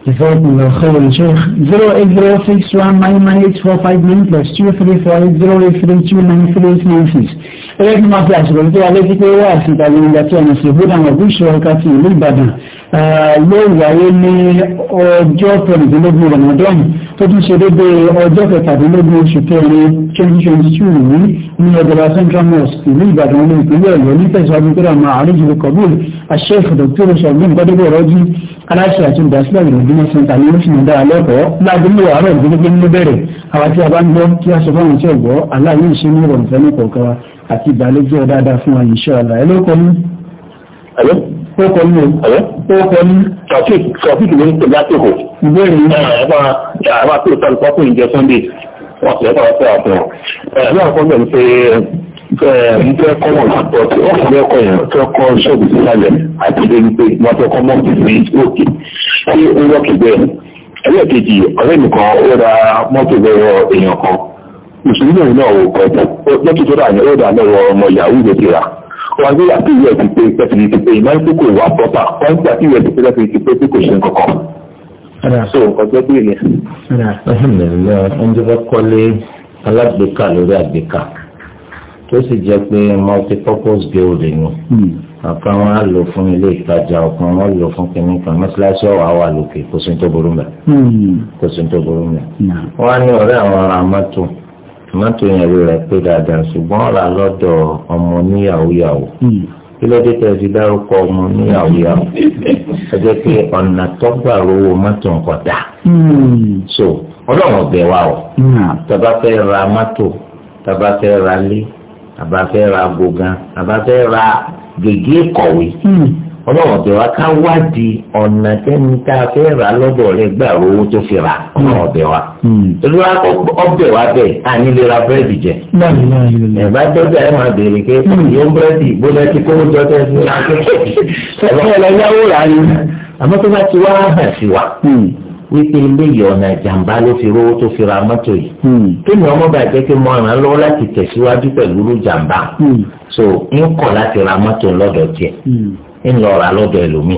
Jazakumullah khairan, Sheikh. 080619985 main plus 2348083293896. Ẹgbẹ́ tí máa fi àṣìkò tó wà lẹ́sí pé wá àṣìkò àwọn ìgbà tí ọ̀nà sí ìbúdàn ọ̀gbìn ìṣòro yóò wáyé ní ọjọ́ kẹrìndínlógún ramadan tó tún ṣe dédé ọjọ́ kẹtàdínlógún oṣù kẹrin twenty twenty two yìí ní ọjọba central mosque ìlú ìbàdàn olú ìpínlẹ̀ ọ̀yọ́ ní tẹ̀síwájú kíra máa àríjìlẹ̀ kabul asheikh dr sọ̀gbìn gbadebo rọ́jí aláṣẹ àti ìdásílẹ̀ ìrògbìmọ̀ sẹ́ńtà ní oṣù mọ̀dá alẹ́kọ̀ọ́ láàdúgbò àárọ̀ ìgbélógún ló bẹ̀rẹ̀ àwọn tí a bá ń gbọ́ kí a sọ fáwọn tí ọ̀gbọ́ aláàyè ìṣẹ́ ní ìrọ̀lùfẹ́ ní kọ̀ọ̀kan àti ìdálẹ́jọ́ dáadáa fún wa insha Allah ẹlẹ́kọ̀ọ́ Àlọ́ tó kọ ní àlọ́ tó kọ ní Taofik Taofik ló ń pè lásìkò. Ìbéèrè ní àyàbá àyàbá tó tán kọ́ fún ìjọ Sunday wọ́n sì lọ́kọ̀ ọ̀sẹ̀ àpọ̀. Ẹ̀rọ àkọ́ bẹ̀rẹ̀ pé nítorí ẹ̀kọ́ wọn ọ̀tí wọ́n fi lẹ́kọ̀ọ́ yẹn tó kọ́ ṣọ́ọ̀bù sísàlẹ̀ àti lórí pé wọ́n fẹ́ kọ́ mọ́ọ̀tì sí òkè tí ó wọ́ọ̀kì bẹ́ẹ̀. Ẹlẹ́ẹ̀kejì ọ̀rẹ́ nìkan ó ra mọ́tò lọ́wọ́ èèyàn kan. Mùsùlùmí náà wò kọ́ ọ̀tọ̀ lọ́tù tó dà ní ó dà lọ́wọ́ ọmọ yahoo ló wàgbéyà tí ìwé ti pé tẹ́tìlì ti pé ìmọ̀ ìpé kò wà pọ́pà kọ́ńtà tí ìwé ti pé tẹ́tìlì ti pé tí kò ṣe nǹkan kan. so ọjọ́ bí ilé. alhamdulilayi ẹni tó bá kọ́lé alágbèéká lórí àgbéká tó sì jẹ́ pé multi-purpose building hmm. ọ̀kan wọn á lò fún ilé ìtajà ọ̀kan wọn lò fún kìnnì kan mọ́ṣáláṣí ọ̀wà wà lókè kò sí ní tó burú mẹ́ hmm. kò sí ní tó burú mẹ́ hmm. wọ́n á ní ọ̀rẹ́ àwọn ará mọ́tò tòmátò yẹn rí rẹ̀ pé dáadáa ṣùgbọ́n ọ̀rà lọ́dọ̀ ọmọ níyàwó yàwó hmm. kí ló dé tẹ̀sí dárúkọ ọmọ níyàwó yàwó ẹ jẹ́ pé ọ̀nà tọ́gbà rówó mọ́tò nǹkan dà hmm. so ọlọ́run ọ̀bẹ wa hmm. ọ̀ tàbá fẹ́ ra mọ́tò tàbá fẹ́ ra lé tàbá fẹ́ ra gogan tàbá fẹ́ ra gègé kọ̀wé ọlọ́wọ́n bẹ̀ wá ká wádìí ọ̀nà tẹ́ni tá a fẹ́ rà lọ́dọ̀ rẹ̀ gbà owó tó fi rà hmm. ọlọ́wọ́n hmm. bẹ̀ wá. torí wá ọbẹ̀ wá bẹ̀ à ní lè ra búrẹ́dì jẹ. ẹ̀bá dọ́jà ẹ̀ máa béèrè pé hmm. yóò búrẹ́dì gbọ́dọ̀ ti kó jọ tẹ́ sí ra kẹ́kẹ́. ẹ̀ lọ́yàwó rà ni àmọ́ tó bá ti wá hàn sí wa wípé eléyìí ọ̀nà ìjàmbá ló fi rówó tó fi ra mọ́tò yìí. kí ni ọmọ bàjẹ́ kí mo ràn lọ́wọ́ láti tẹ̀síwájú pẹ̀lú jàmbá. so ń kọ̀ láti ra mọ́tò lọ́dọ̀ tiẹ̀ ńlọ ọ̀rà lọ́dọ̀ ẹlòmíì.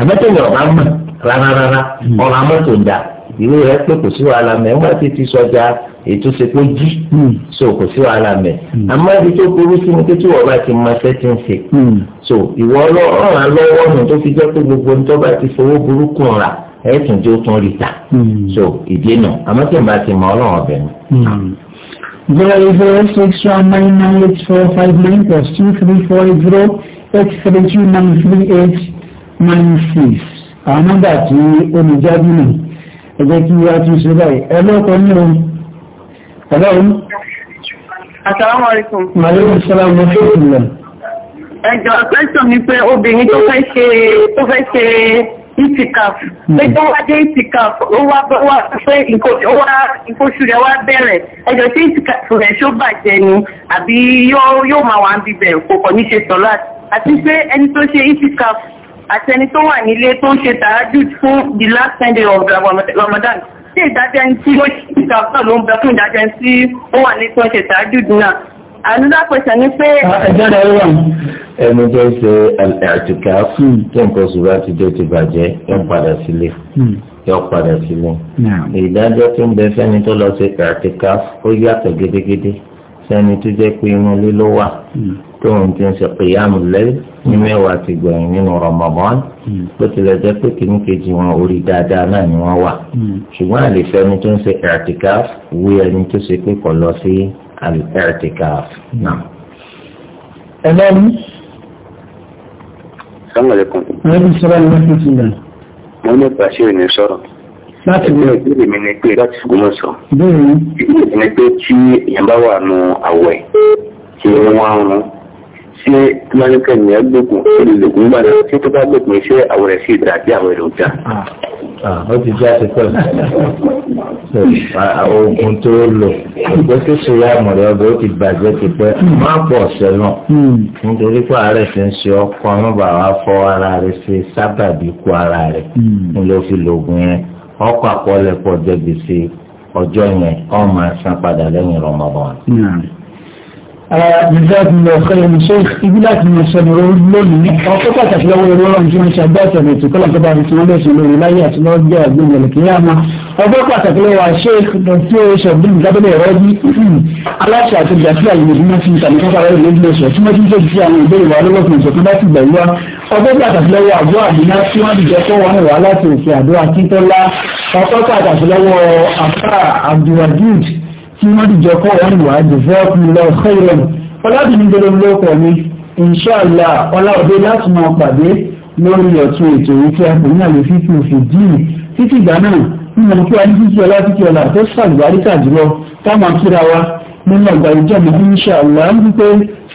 àbẹ́tẹ̀lẹ̀ ọ̀rá mọ̀ rárára hmm. ọ̀rá mọ́tò ń dà ìwé rẹ pé kò sí wàhálà mẹ́ wọ́n ti ti sọjà ètò ṣe pé jí hmm. so kò sí wàhálà mẹ́ hmm. àmọ́ ibi tó burú sí ni pé tí wọ́n bá ti mọ ẹsẹ̀ ti ń ṣe so ìwọ ọ̀ràn lọ́wọ́ nù tó fi jẹ́ pé gbogbo ní tó bá ti fowó burúkú rà ẹ̀sùn tí ó tún rí ta so ìdí nù àmọ́ tí n bá ti mọ ọlọ́run ọbẹ̀ mi. zero eight zero six one nine nine eight four five nine plus two three four eight zero eight seventy nine three eight nine six àwọn nọ́mbà tí olùjáde nù ẹ jẹ́ kí wá tún ṣe báyìí ẹ lọ́kọ̀ ní o ọ̀dọ́ òun. Assalamu alaikum. Màlẹ́kùn sọ́lá ọmọ fẹ́ẹ̀kì lọ. Ẹjọ́ pẹ́sàn ni pé obìnrin tó fẹ́ ṣe tó fẹ́ ṣe itikaf. Hmm. Pé tó wá dé itikaf, ó wá pé ìkóṣù rẹ̀ wá bẹ̀rẹ̀. Ẹjọ́ tí itikaf rẹ̀ ṣó bàjẹ́ ni àbí yóò máa wà ń bíbẹ̀ kò kọ̀ ní ṣe sọ́láàtì àti pé ẹni tó ṣe ifikaf àti ẹni tó wà nílé tó ń ṣe tààjùd fún the last ten day of Ramadan ṣé ìdájọ́ ẹni tí ó ṣe ifikaf náà ló ń bẹ fún ìdájọ́ ẹni tí ó wà nílé tó ń ṣe tààjùd náà another question ni pé. ẹjọ́ra ah, ẹ wà. ẹni tó ń ṣe àtìká fún tẹ́ǹkọ́ ṣùgbọ́n àtijọ́ ti bàjẹ́ ẹ̀ padà sílé yọ padà sílé hmm. ìdájọ́ tó ń bẹ fẹ́ni tó lọ ṣe àtìká ó yàtọ̀ gédégédé sẹ́ni tó jẹ́ pé inú ilé ló wà hmm. tóun ti ń ṣe pèyàmù lẹ́yìn ní hmm. mẹ́wàá ti gbẹ̀yìn nínú Ramadan hmm. bó tilẹ̀ jẹ́ pé kìíní kejì wọn orí dáadáa náà ni wọ́n wà ṣùgbọ́n àlè fẹ́ni tó ń ṣe ẹ̀rtìkáf wí ẹni tó ṣe pé kọ̀ lọ sí ẹ̀rtìkáf náà. ẹ lẹ́nu. sàmúlẹ̀kùn. ẹni sọ́ra ni wọ́n ti ti yàn. mo ní bàṣẹ́ ò ní sọ̀rọ̀ láti wọ. ìbéèrè mi ni pé láti ṣùgbọ́n sọ. ìbéèrè mi ni pé tí èèyàn bá wà nù àwẹ̀ tí wọ́n wá ń rún ṣé kíláníkà ni ẹ gbógun ó lè lògùn gbà náà ṣé tó bá gbógun ṣé àwẹ̀rẹ̀ sí ìdá àti àwẹ̀rẹ̀ ò já. ó ti já ti pẹ́ oògùn tó lò gbèsè ṣòyà mọ̀rẹ́ ọbẹ̀ ó ti bàjẹ́ ti pẹ́ má pọ̀ ọ̀sẹ̀ náà hmm. nítorí pé àárẹ̀ ti ń ṣe ọkọ ọmọbàwá fọ ara rẹ̀ ṣe sábàbí kú ara rẹ̀ ń hmm. lọ fi lògùn yẹn ọkọ̀ àkọọ́lẹ̀ pọ̀ jẹ́ gbèsè ọjọ́ yẹn ọ̀ máa san padà lẹ́yìn Ramadan. Jazakumullah khairan Sheikh ibi láti mọ̀ sọ̀rọ̀ lónìí. Ọkọ̀ pàtàkì lọ́wọ́ ẹ̀rọ ọ̀run tí wọ́n ṣe àgbà ọ̀tọ̀ ètò kọ́lá tó bá rí tí wọ́n lẹ̀sùn lórí láyé àti lọ́jọ́ ọ̀gbìn ìlẹ̀kìyàmá. Ọkọ̀ pàtàkì lọ́wọ́ Sheikh Dr. Shabdin Gabriel Rọ́jí aláṣẹ àti ìgbàsílẹ̀ àyè ìdúná fi ń tàbí kọ́kọ́ ọpẹ́ pàtàkì lọ́wọ́ àbúrò àbíná tí wọ́n dìjọ tó wọ́n wà láti òkè àdúrà títọ́lá ọpẹ́ pàtàkì lọ́wọ́ àfà abdulwajid tí wọ́n dìjọ kọ́ wọ́n wà develop lọ xeyron ọlábìnrin gbẹdẹ lóko mi inṣàlá ọláòdé láti máa pàdé lórí ọ̀tún ètò yìí tí a pè ní àlè fífi òfin díì títí ìgbà náà nínú kí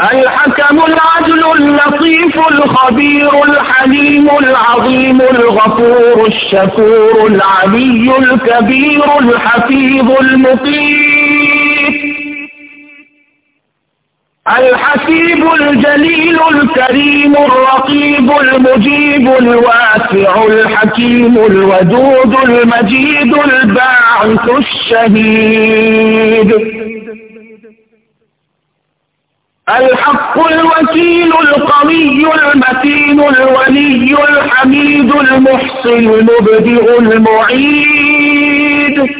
الحكم العدل اللطيف الخبير الحليم العظيم الغفور الشكور العلي الكبير الحفيظ المقيم الحسيب الجليل الكريم الرقيب المجيب الواسع الحكيم الودود المجيد الباعث الشهيد الحق الوكيل القوي المتين الولي الحميد المحصي المبدئ المعيد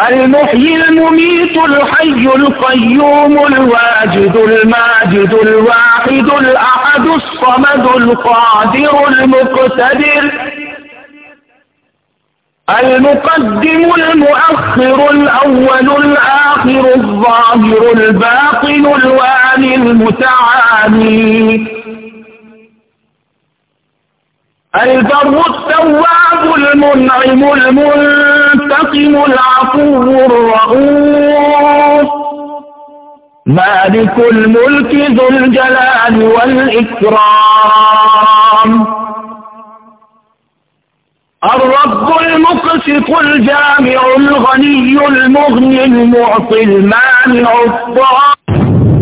المحيي المميت الحي القيوم الواجد الماجد الواحد الأحد الصمد القادر المقتدر المقدم المؤخر الأول الآخر الظاهر الباطن الوالي المتعالي البر التواب المنعم المنتقم العفو الرؤوف مالك الملك ذو الجلال والإكرام الرب المقسط الجامع الغني المغني المعطي المانع الضار